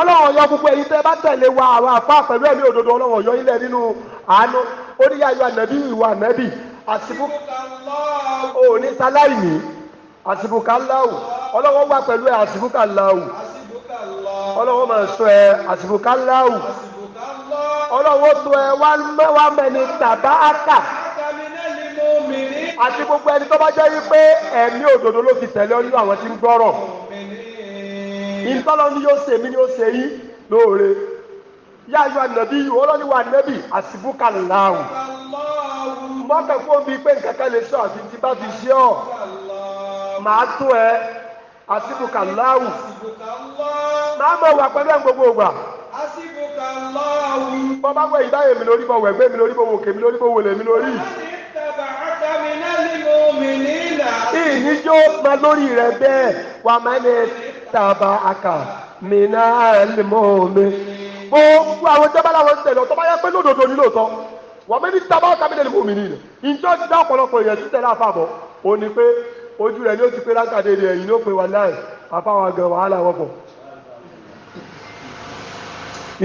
ọlọ́run ọ̀yọ́ gbogbo èyí tẹ́ bá tẹ̀lé wa àwọn àfa pẹ̀lú ẹ̀mí òdodo ọlọ́run ọ̀yọ́ ilẹ̀ nínú àánú oníyà ayọ̀ ànábì ìwà ànábì àsìkò òní sáláìní àsìkò kàláwù ọlọ́run wà pẹ̀lú àsìkò kàláwù ọlọ́wọ́ máa sọ ẹ àsìkò láwù ọlọ́wọ́ tó ẹ wá mẹ́ni tàbá àkà àti gbogbo ẹni tó bá jẹ́ wípé ẹ̀mí òdodo ló fi tẹ̀lé ọdún àwọn tí ń gbọ́rọ̀ ìtọ́lọ́ ni yóò ṣe mí ni yóò ṣe yí lóore yá ayọ̀ ànábì yìí ọlọ́ni wa ànábì àsìbúkà làwù mọ́kàn fún mi pé nǹkan kan lè sọ àfi tí bá fi ṣe ọ́ màá tó ẹ. Asibu láwù lawu. Nama wa pẹ̀lú ẹ̀ gbogbo ògbà. àsìbùkà láwù. bọ́ bá wẹ̀ ìdá èmi lórí bọ̀ wẹ̀gbẹ́ mi lórí bọ̀ wòkè mi lórí bọ̀ wòlè mi lórí. ìníjó ma lórí rẹ̀ bẹ́ẹ̀ wà máa ní tàbá àkà mìíràn lèmọ́ mi. gbogbo àwọn jẹ́bá làwọn tẹ̀lé ọ̀tọ́ bá yẹ pé lódodo ni lóòótọ́ wọ́n mi ní tàbá àkà mìíràn lèmọ́ mi nìyẹn. ìjọ ti dá ọ̀pọ̀lọpọ̀ ìyẹn ti tẹ̀lé àfàbọ̀ òní pé ojú rẹ̀ yóò ti pé látàdé rẹ̀ ẹ̀yìn ló pé wà láì àfáwọn gan wàhálà wọn pọ̀.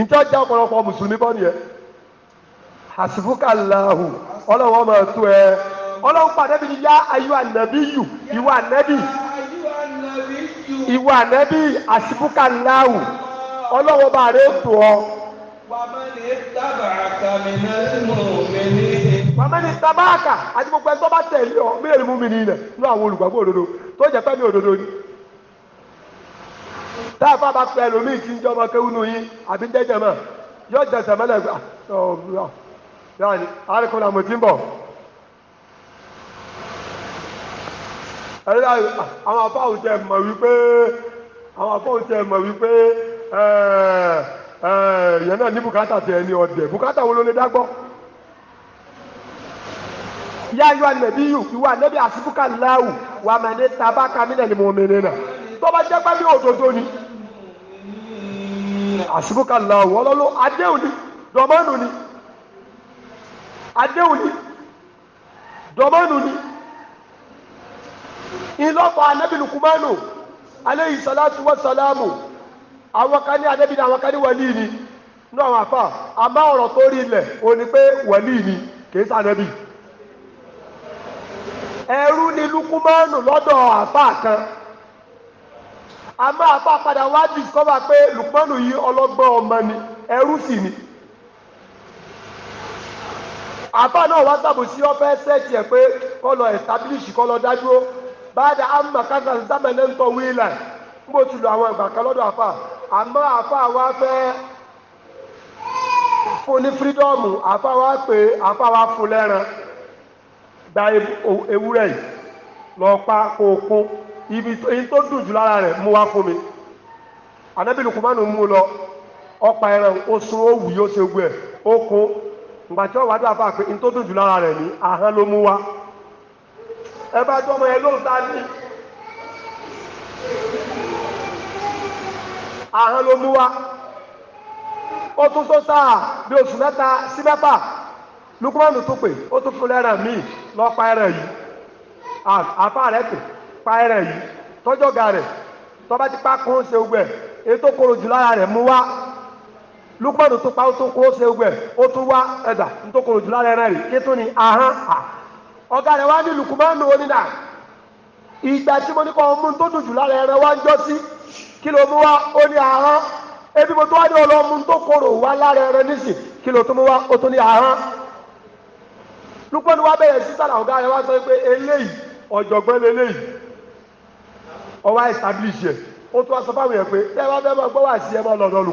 ìtọ́jà ọ̀pọ̀lọpọ̀ mùsùlùmí bọ́ nìyẹn àsìfúkàláhù ọlọ́wọ́ máa tó ẹ ọlọ́wọ́ pàdé mi yá ayú ànábì yù ìwà ànábì ìwà ànábì àsìfúkàláhù ọlọ́wọ́ bá rẹ̀ tó ọ. wàmẹ́ni tabáàkà àti gbogbo ẹni tó bá tẹ̀lé ọ mílíọ̀nù mú mi ní ilẹ̀ ní àwọn olùgbàgbọ́ òdodo tó jẹ́ pẹ́ mi òdodo ni. táàfà bá pẹ́ ẹlòmíì tí ń jẹ́ ọmọ kéwú nù yín àbí ń jẹ́jẹ́ mọ̀ yóò jẹ sẹ̀mẹ́lẹ̀ gbà ah, ọ̀ọ́ ah. yáni àríkùnrin àmọ̀ tí ń bọ̀. àwọn afáwọn tẹ mọ̀ wípé àwọn afáwọn tẹ mọ̀ wípé ẹ̀ẹ́ ẹ̀ẹ́ yẹn náà ní bùkátà tẹ ẹni ọ̀dẹ̀ bùkátà wo ló lè dá gbọ́ yá yọ ànàbí yù ìwọ ànàbí àsìkúkà láwù wà mà ní tabaka mí nàní mòmìnì nà tọ́ba jẹ́ pẹ́ bí òdodo ni àsìkúkà láwù ọlọ́lọ́ adéhùn ni dọ̀mọ́nù ni adéhùn ni dọ̀mọ́nù ni ìlọ́pọ̀ ànàbí lukumanu aleyhi salatu wa salamu àwọn kan ní ànàbí ni àwọn kan ní wàlíì ni náà wà fà àmọ́ ọ̀rọ̀ tó rí ilẹ̀ òní pé wàlíì ni kì í sànàbí. ẹrú ni lukumanu lọ́dọ̀ àfa kan àmọ́ àfa padà wá dìskọ́bà pé lukumanu yìí ọlọ́gbọ́n ọmọ ni ẹrú sì ni àfa náà wá sàbòsí ọfẹ́ sẹ́ẹ̀tì ẹ̀ pé kọ́lọ̀ ẹ̀stábílìṣì kọ́lọ̀ dájúró báyìí àmà kásá sábẹ̀lẹ̀ ń tọ́ wíìlẹ̀ ń bò tìlù àwọn ìgbà kan lọ́dọ̀ àfa àmọ́ àfa wa fẹ́ fún ní fírídọ́ọ̀mù àfa wa pè àfa fún da ewúrẹ́ yìí lọ pa o ibi tó dùn jù lára rẹ̀ mú wá fún mi ànábì Lukumanu mú lọ ọ̀pá ẹran ó sun yóò ṣe gbẹ ó kún ìgbàtí ọ̀wá dà fà pé ní tó dùn jù lára rẹ̀ ní ahọ́n ló mú wá ẹ bá ọmọ yẹn lóhùn tá a ní ahọ́n ló mú wá ó tún tó sáà lukumanu tó pè ó tó kúlẹ̀ rẹ̀ míì lọ pa ẹran yìí àfa rẹ̀ pè pa ẹran yìí tọ́jọ́ ga rẹ̀ tọ́ba ti pa kó ṣe ogbẹ̀ ètò koro jù lára rẹ̀ mú wá lukumanu tó pa ó tó kó ṣe ó tún wá ni ahán à ọ̀gá rẹ̀ wá ní lukumanu onínà ìgbà tí mo ní kọ́ ọmú tó dùn jù lára wá ń jọ sí kí ló lukman wa bẹ̀rẹ̀ sí sára ọ̀gá rẹ̀ wá sọ pé eléyìí ọ̀jọ̀gbọ́n lélẹ́yìí ọwọ́ establish yẹ ó tún sọ fáwọn yẹn pé ẹ bá fẹ́ máa gbọ́ wá sí ẹ máa lọ ọ̀dọ̀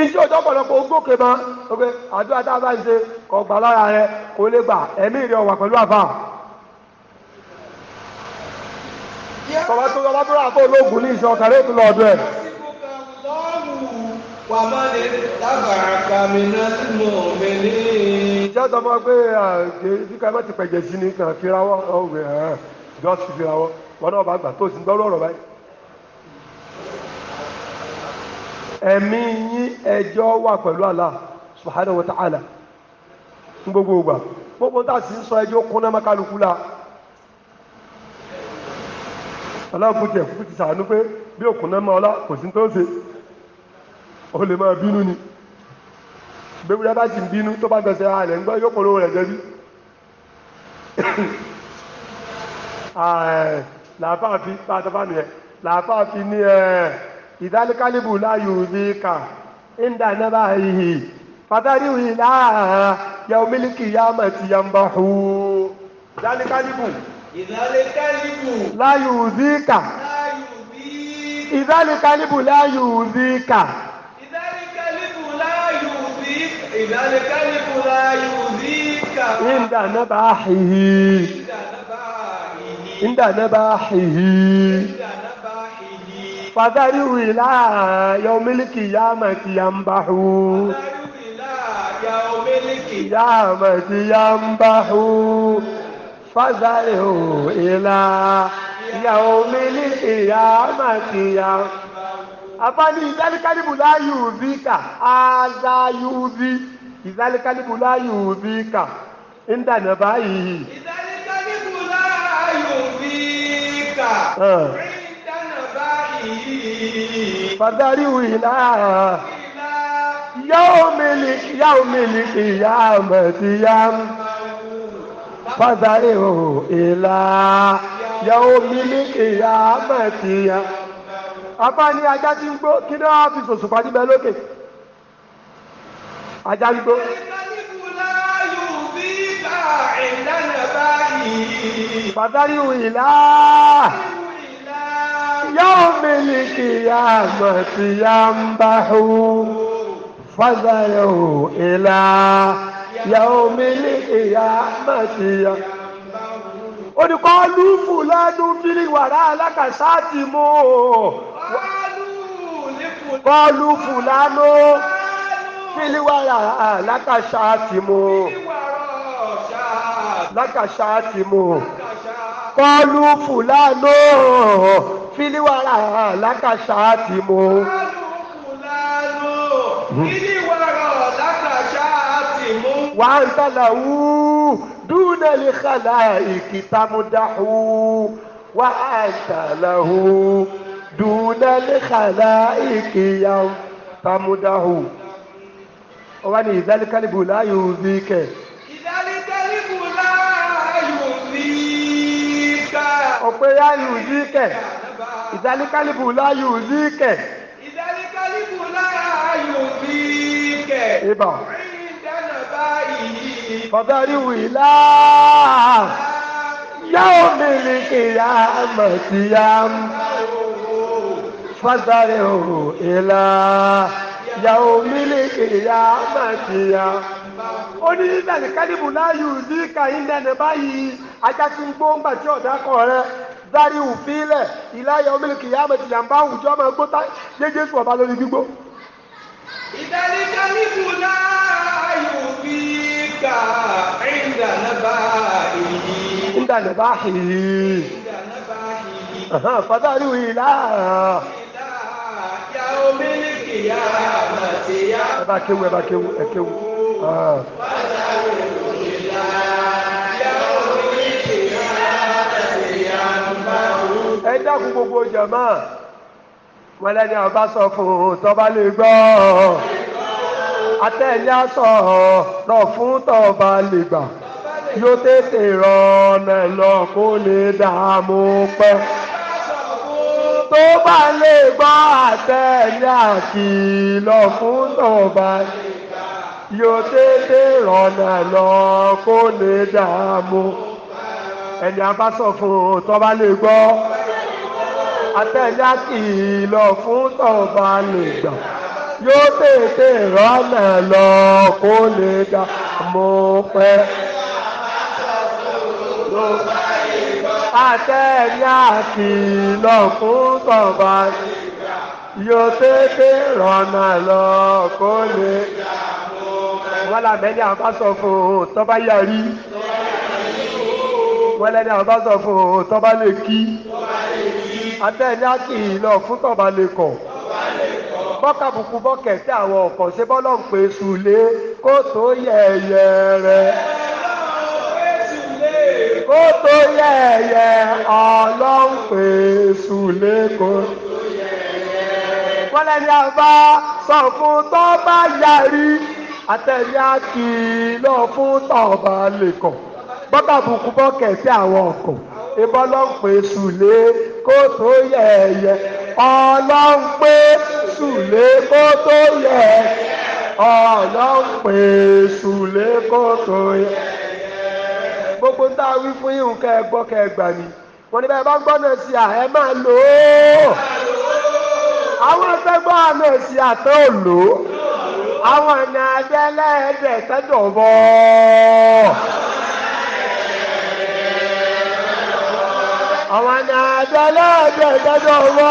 iṣẹ́ òjò ọ̀pọ̀lọpọ̀ ogókè máa ok àdúrà tá a bá ń rẹ kò lè gbà ẹ̀mí rẹ pẹ̀lú àbá. tó tó rà ní ìṣọ̀kan ìjọ sọ fún ọ pé kíkà má ti pẹ̀jẹ̀ sí ni kàn firawọ́ ọ̀wẹ̀ hàn jọ́sì firawọ́ wọn náà bá gbà tó sì ń gbọ́ báyìí. ẹ̀mí yín ẹjọ́ wà pẹ̀lú àlá subhanahu wa ń gbogbo ògbà gbogbo a sọ ẹjọ́ kúnná mákàlùkù la ọlọ́run ti ó lè máa bínú ni bébí dábàá ti ń bínú tó bá gbẹ̀sẹ̀ ara rẹ̀ ń gbọ́ yóò polówó rẹ̀ jẹ́bí làáfàá fi ẹ̀ làáfàá ní ẹ̀ ìdálékálíbù láàyò ní kà ń dà náà báyìí fàtàríwì láàá yà omílìkì yà mà ti yà ń bá hù. ìdálékálíbù. láàyò ní kà. ìdálékálíbù láàyò ní kà. إذا الكلب لا يؤذيك عند نباحه عند نباحه فذروا إلى يوم القيامة ينبح يوم القيامة ينبح فذروا إلى يوم القيامة ينبح afáàní ìdálékálíbù láàyè òbí aza ádáyé òbí ìdálékálíbù láàyè òbí kà ń dànà báyìí. ìdálékálíbù láàyè òbí kà ń dànà báyìí. fàdárì wìlà yáò mìlì ìyá àmọ̀tíyá fàdárì wìlà yáò mìlì apá ní ajá tí ń gbó kí ni wọ́n á fi sòṣùpá níbẹ̀ lókè ajá ń gbó. Bàtàrí ìlà yóò mìlì kì yá mọ̀ sí yá ń bá hù. Fàzàrò ìlà yóò mìlì kì mọ̀ sí yá. Olùkọ́ lùfù ládùn bílí alákàsáàtì mú o kọlu fúlánú fílíwàrà lákàṣà tìmù lákàṣà tìmù kọlu fúlánú fílíwàrà lákàṣà tìmù. وأنت له دون الخلائق تمدح وأنت له dùnálé kàlá ìkìyàn tamudahu ọwọ́ ni ìdálékálíbù láàyò òbí kẹ̀. ìdálékálíbù láàyò òbí kà. ọ̀pẹ́ láàyò òbí kẹ̀. ìdálékálíbù láàyò òbí kẹ̀. ìdálékálíbù láàyò òbí kẹ̀. ibà. Fọ̀bẹ́rì wìlá yóò mìíràn kìyàmọ̀ tìyàmọ̀ fásitì òhù ìlà ìyàwó mílíkì ìyá màtìyà ó ní nígbàdí kálíbù láàyò ní kàyíndà ní báyìí ajá tí ń gbó ńgbà tí ọ̀dà kọ̀ rẹ dárí òfìlẹ̀ ìlà ìyàwó mílíkì ìyá màtìyà ń bá àwùjọ ọmọ ẹgbó tá jẹjẹ sùn ọba lórí gbígbó. ìdarí kálíbù láàyò bí ká ìdà nàbà èyí. ìdà nàbà èyí. ìdà nàbà èyí. ìlà yàwó mílíkì yá àmàtì yá. ẹ bá kéwu ẹ bá kéwu ẹ kéwu. bàtà ah. mi kò ní la yàwó mílíkì yá àmàtì yá bá wù. ẹ dákun gbogbo jàmá wọn lẹni ọba sọ fún un tọba lè gbọ́ atẹ́lẹ́ àsọ̀ lọ fún tọba lè gbà yóò tètè rọ ọ̀nà lọ kó lè dààmú pẹ́ tó bá lè gbọ́ àtẹ̀lé àkìlọ̀ fún tọ̀ba yóò tètè rọ̀nà lọ kó lè dààmú ẹni abásọ̀ fún tọ́ba lè gbọ́ àtẹ̀lé àkìlọ̀ fún tọ̀ba lè gbà yóò tètè rọ̀nà lọ kó lè dààmú pẹ́. Thank you atẹ́rí àkìlọ̀ fún tọ̀ba yóò tètè rọ̀nà lọ kó lè. wọ́n làbẹ́ ní àwọn bá sọ fún un tọ́ba yarí wọ́n lẹ́ni àwọn bá sọ fún un tọ́ba lè kí atẹ́rí àkìlọ̀ fún tọ̀ba lè kọ̀ bọ́kàbùkù bọ́kẹ̀ tí àwọn ọ̀kọ̀ ṣe bọ́lọ̀ ń pè sùlé kó tó yẹ̀yẹ̀ rẹ̀ kó tó yẹ̀yẹ̀ ọlọ́run pèsè lẹ́kọ̀ọ́. wọ́n lẹ́ni àbá sọ fún tó bá yarí àtẹ̀lé àti lọ fún tọ̀ọ̀bà lẹ́kọ̀ọ́. bọ́tà bùkún bọ́kẹ̀ sí àwọn ọkọ̀ ìbọn ọlọ́run pèsè lẹ́kọ̀ọ́ kó tó yẹ̀yẹ̀ ọlọ́run pé sùlé kó tó yẹ̀ ọlọ́run pé sùlé kó tó yẹ̀. gbogbo tá wí fún yín kẹ́ ẹ gbọ́ kẹ́ ẹ gbà mí gbọ́ náà sí máa lò ó àwọn ẹgbẹ́gbọ́ náà sí àtọ́ ò àwọn ọ̀nà adẹ́lẹ́ẹ̀dẹ̀ sẹ́dọ̀ bọ́ àwọn ọ̀nà adẹ́lẹ́ẹ̀dẹ̀ sẹ́dọ̀ bọ́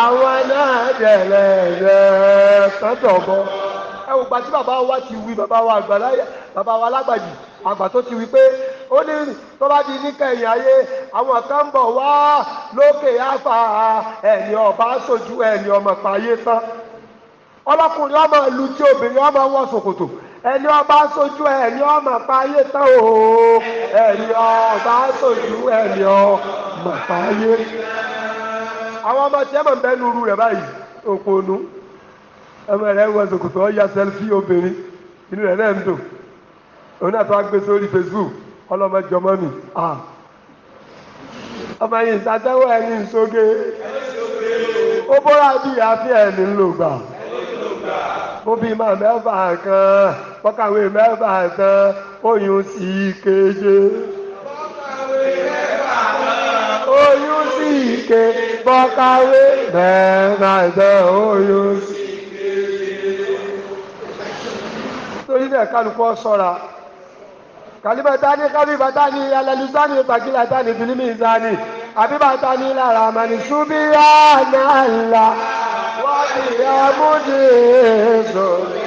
àwọn ọ̀nà àwọn ọ̀nà ẹ wò gbà tí bàbá wa ti wí bàbá wa àgbàlá bàbá wa alágbàjì àgbà tó ti wí pé ó ní tó bá di níkẹyìn ayé àwọn kan bọ̀ wá lókè áfà ẹ̀yìn ọba sojú ẹ̀yìn ọmọ pààyè tán ọlọ́kùnrin ọmọ ìlú tí obìnrin ọmọ wọn ṣòkòtò ẹni ọba sojú ẹni ọmọ pààyè tán o ẹni ọba sojú ẹni ọmọ pààyè àwọn ọmọ mọ̀ rẹ̀ báyìí ọmọ rẹ̀ wọ ṣòkòtò ọ̀ya sẹ́lfì obìnrin inú rẹ̀ náà ń dùn òun náà tó wá gbé sórí Facebook ọlọ́mọdé ọmọ mi ọmọ yìí ṣàtẹ́wọ́ ẹni ìṣoge ó bóra bí àfi ẹni ń lò gbà ó bí máa mẹ́fà kan pọ́kàwé mẹ́fà kan oyún sí keje oyún sí ke pọ́kàwé mẹ́fà kan oyún sí. torí bẹ́ẹ̀ kálukọ́ sọ́ra kàlíbàtà ní kàlíbàtà ní alẹ́lùsá ní pàkìlàtà ní bìlímì ìzáni àbíbàtà ní lára àmàlì ṣúbíyà náà là wọ́n ti yà mú ní èso.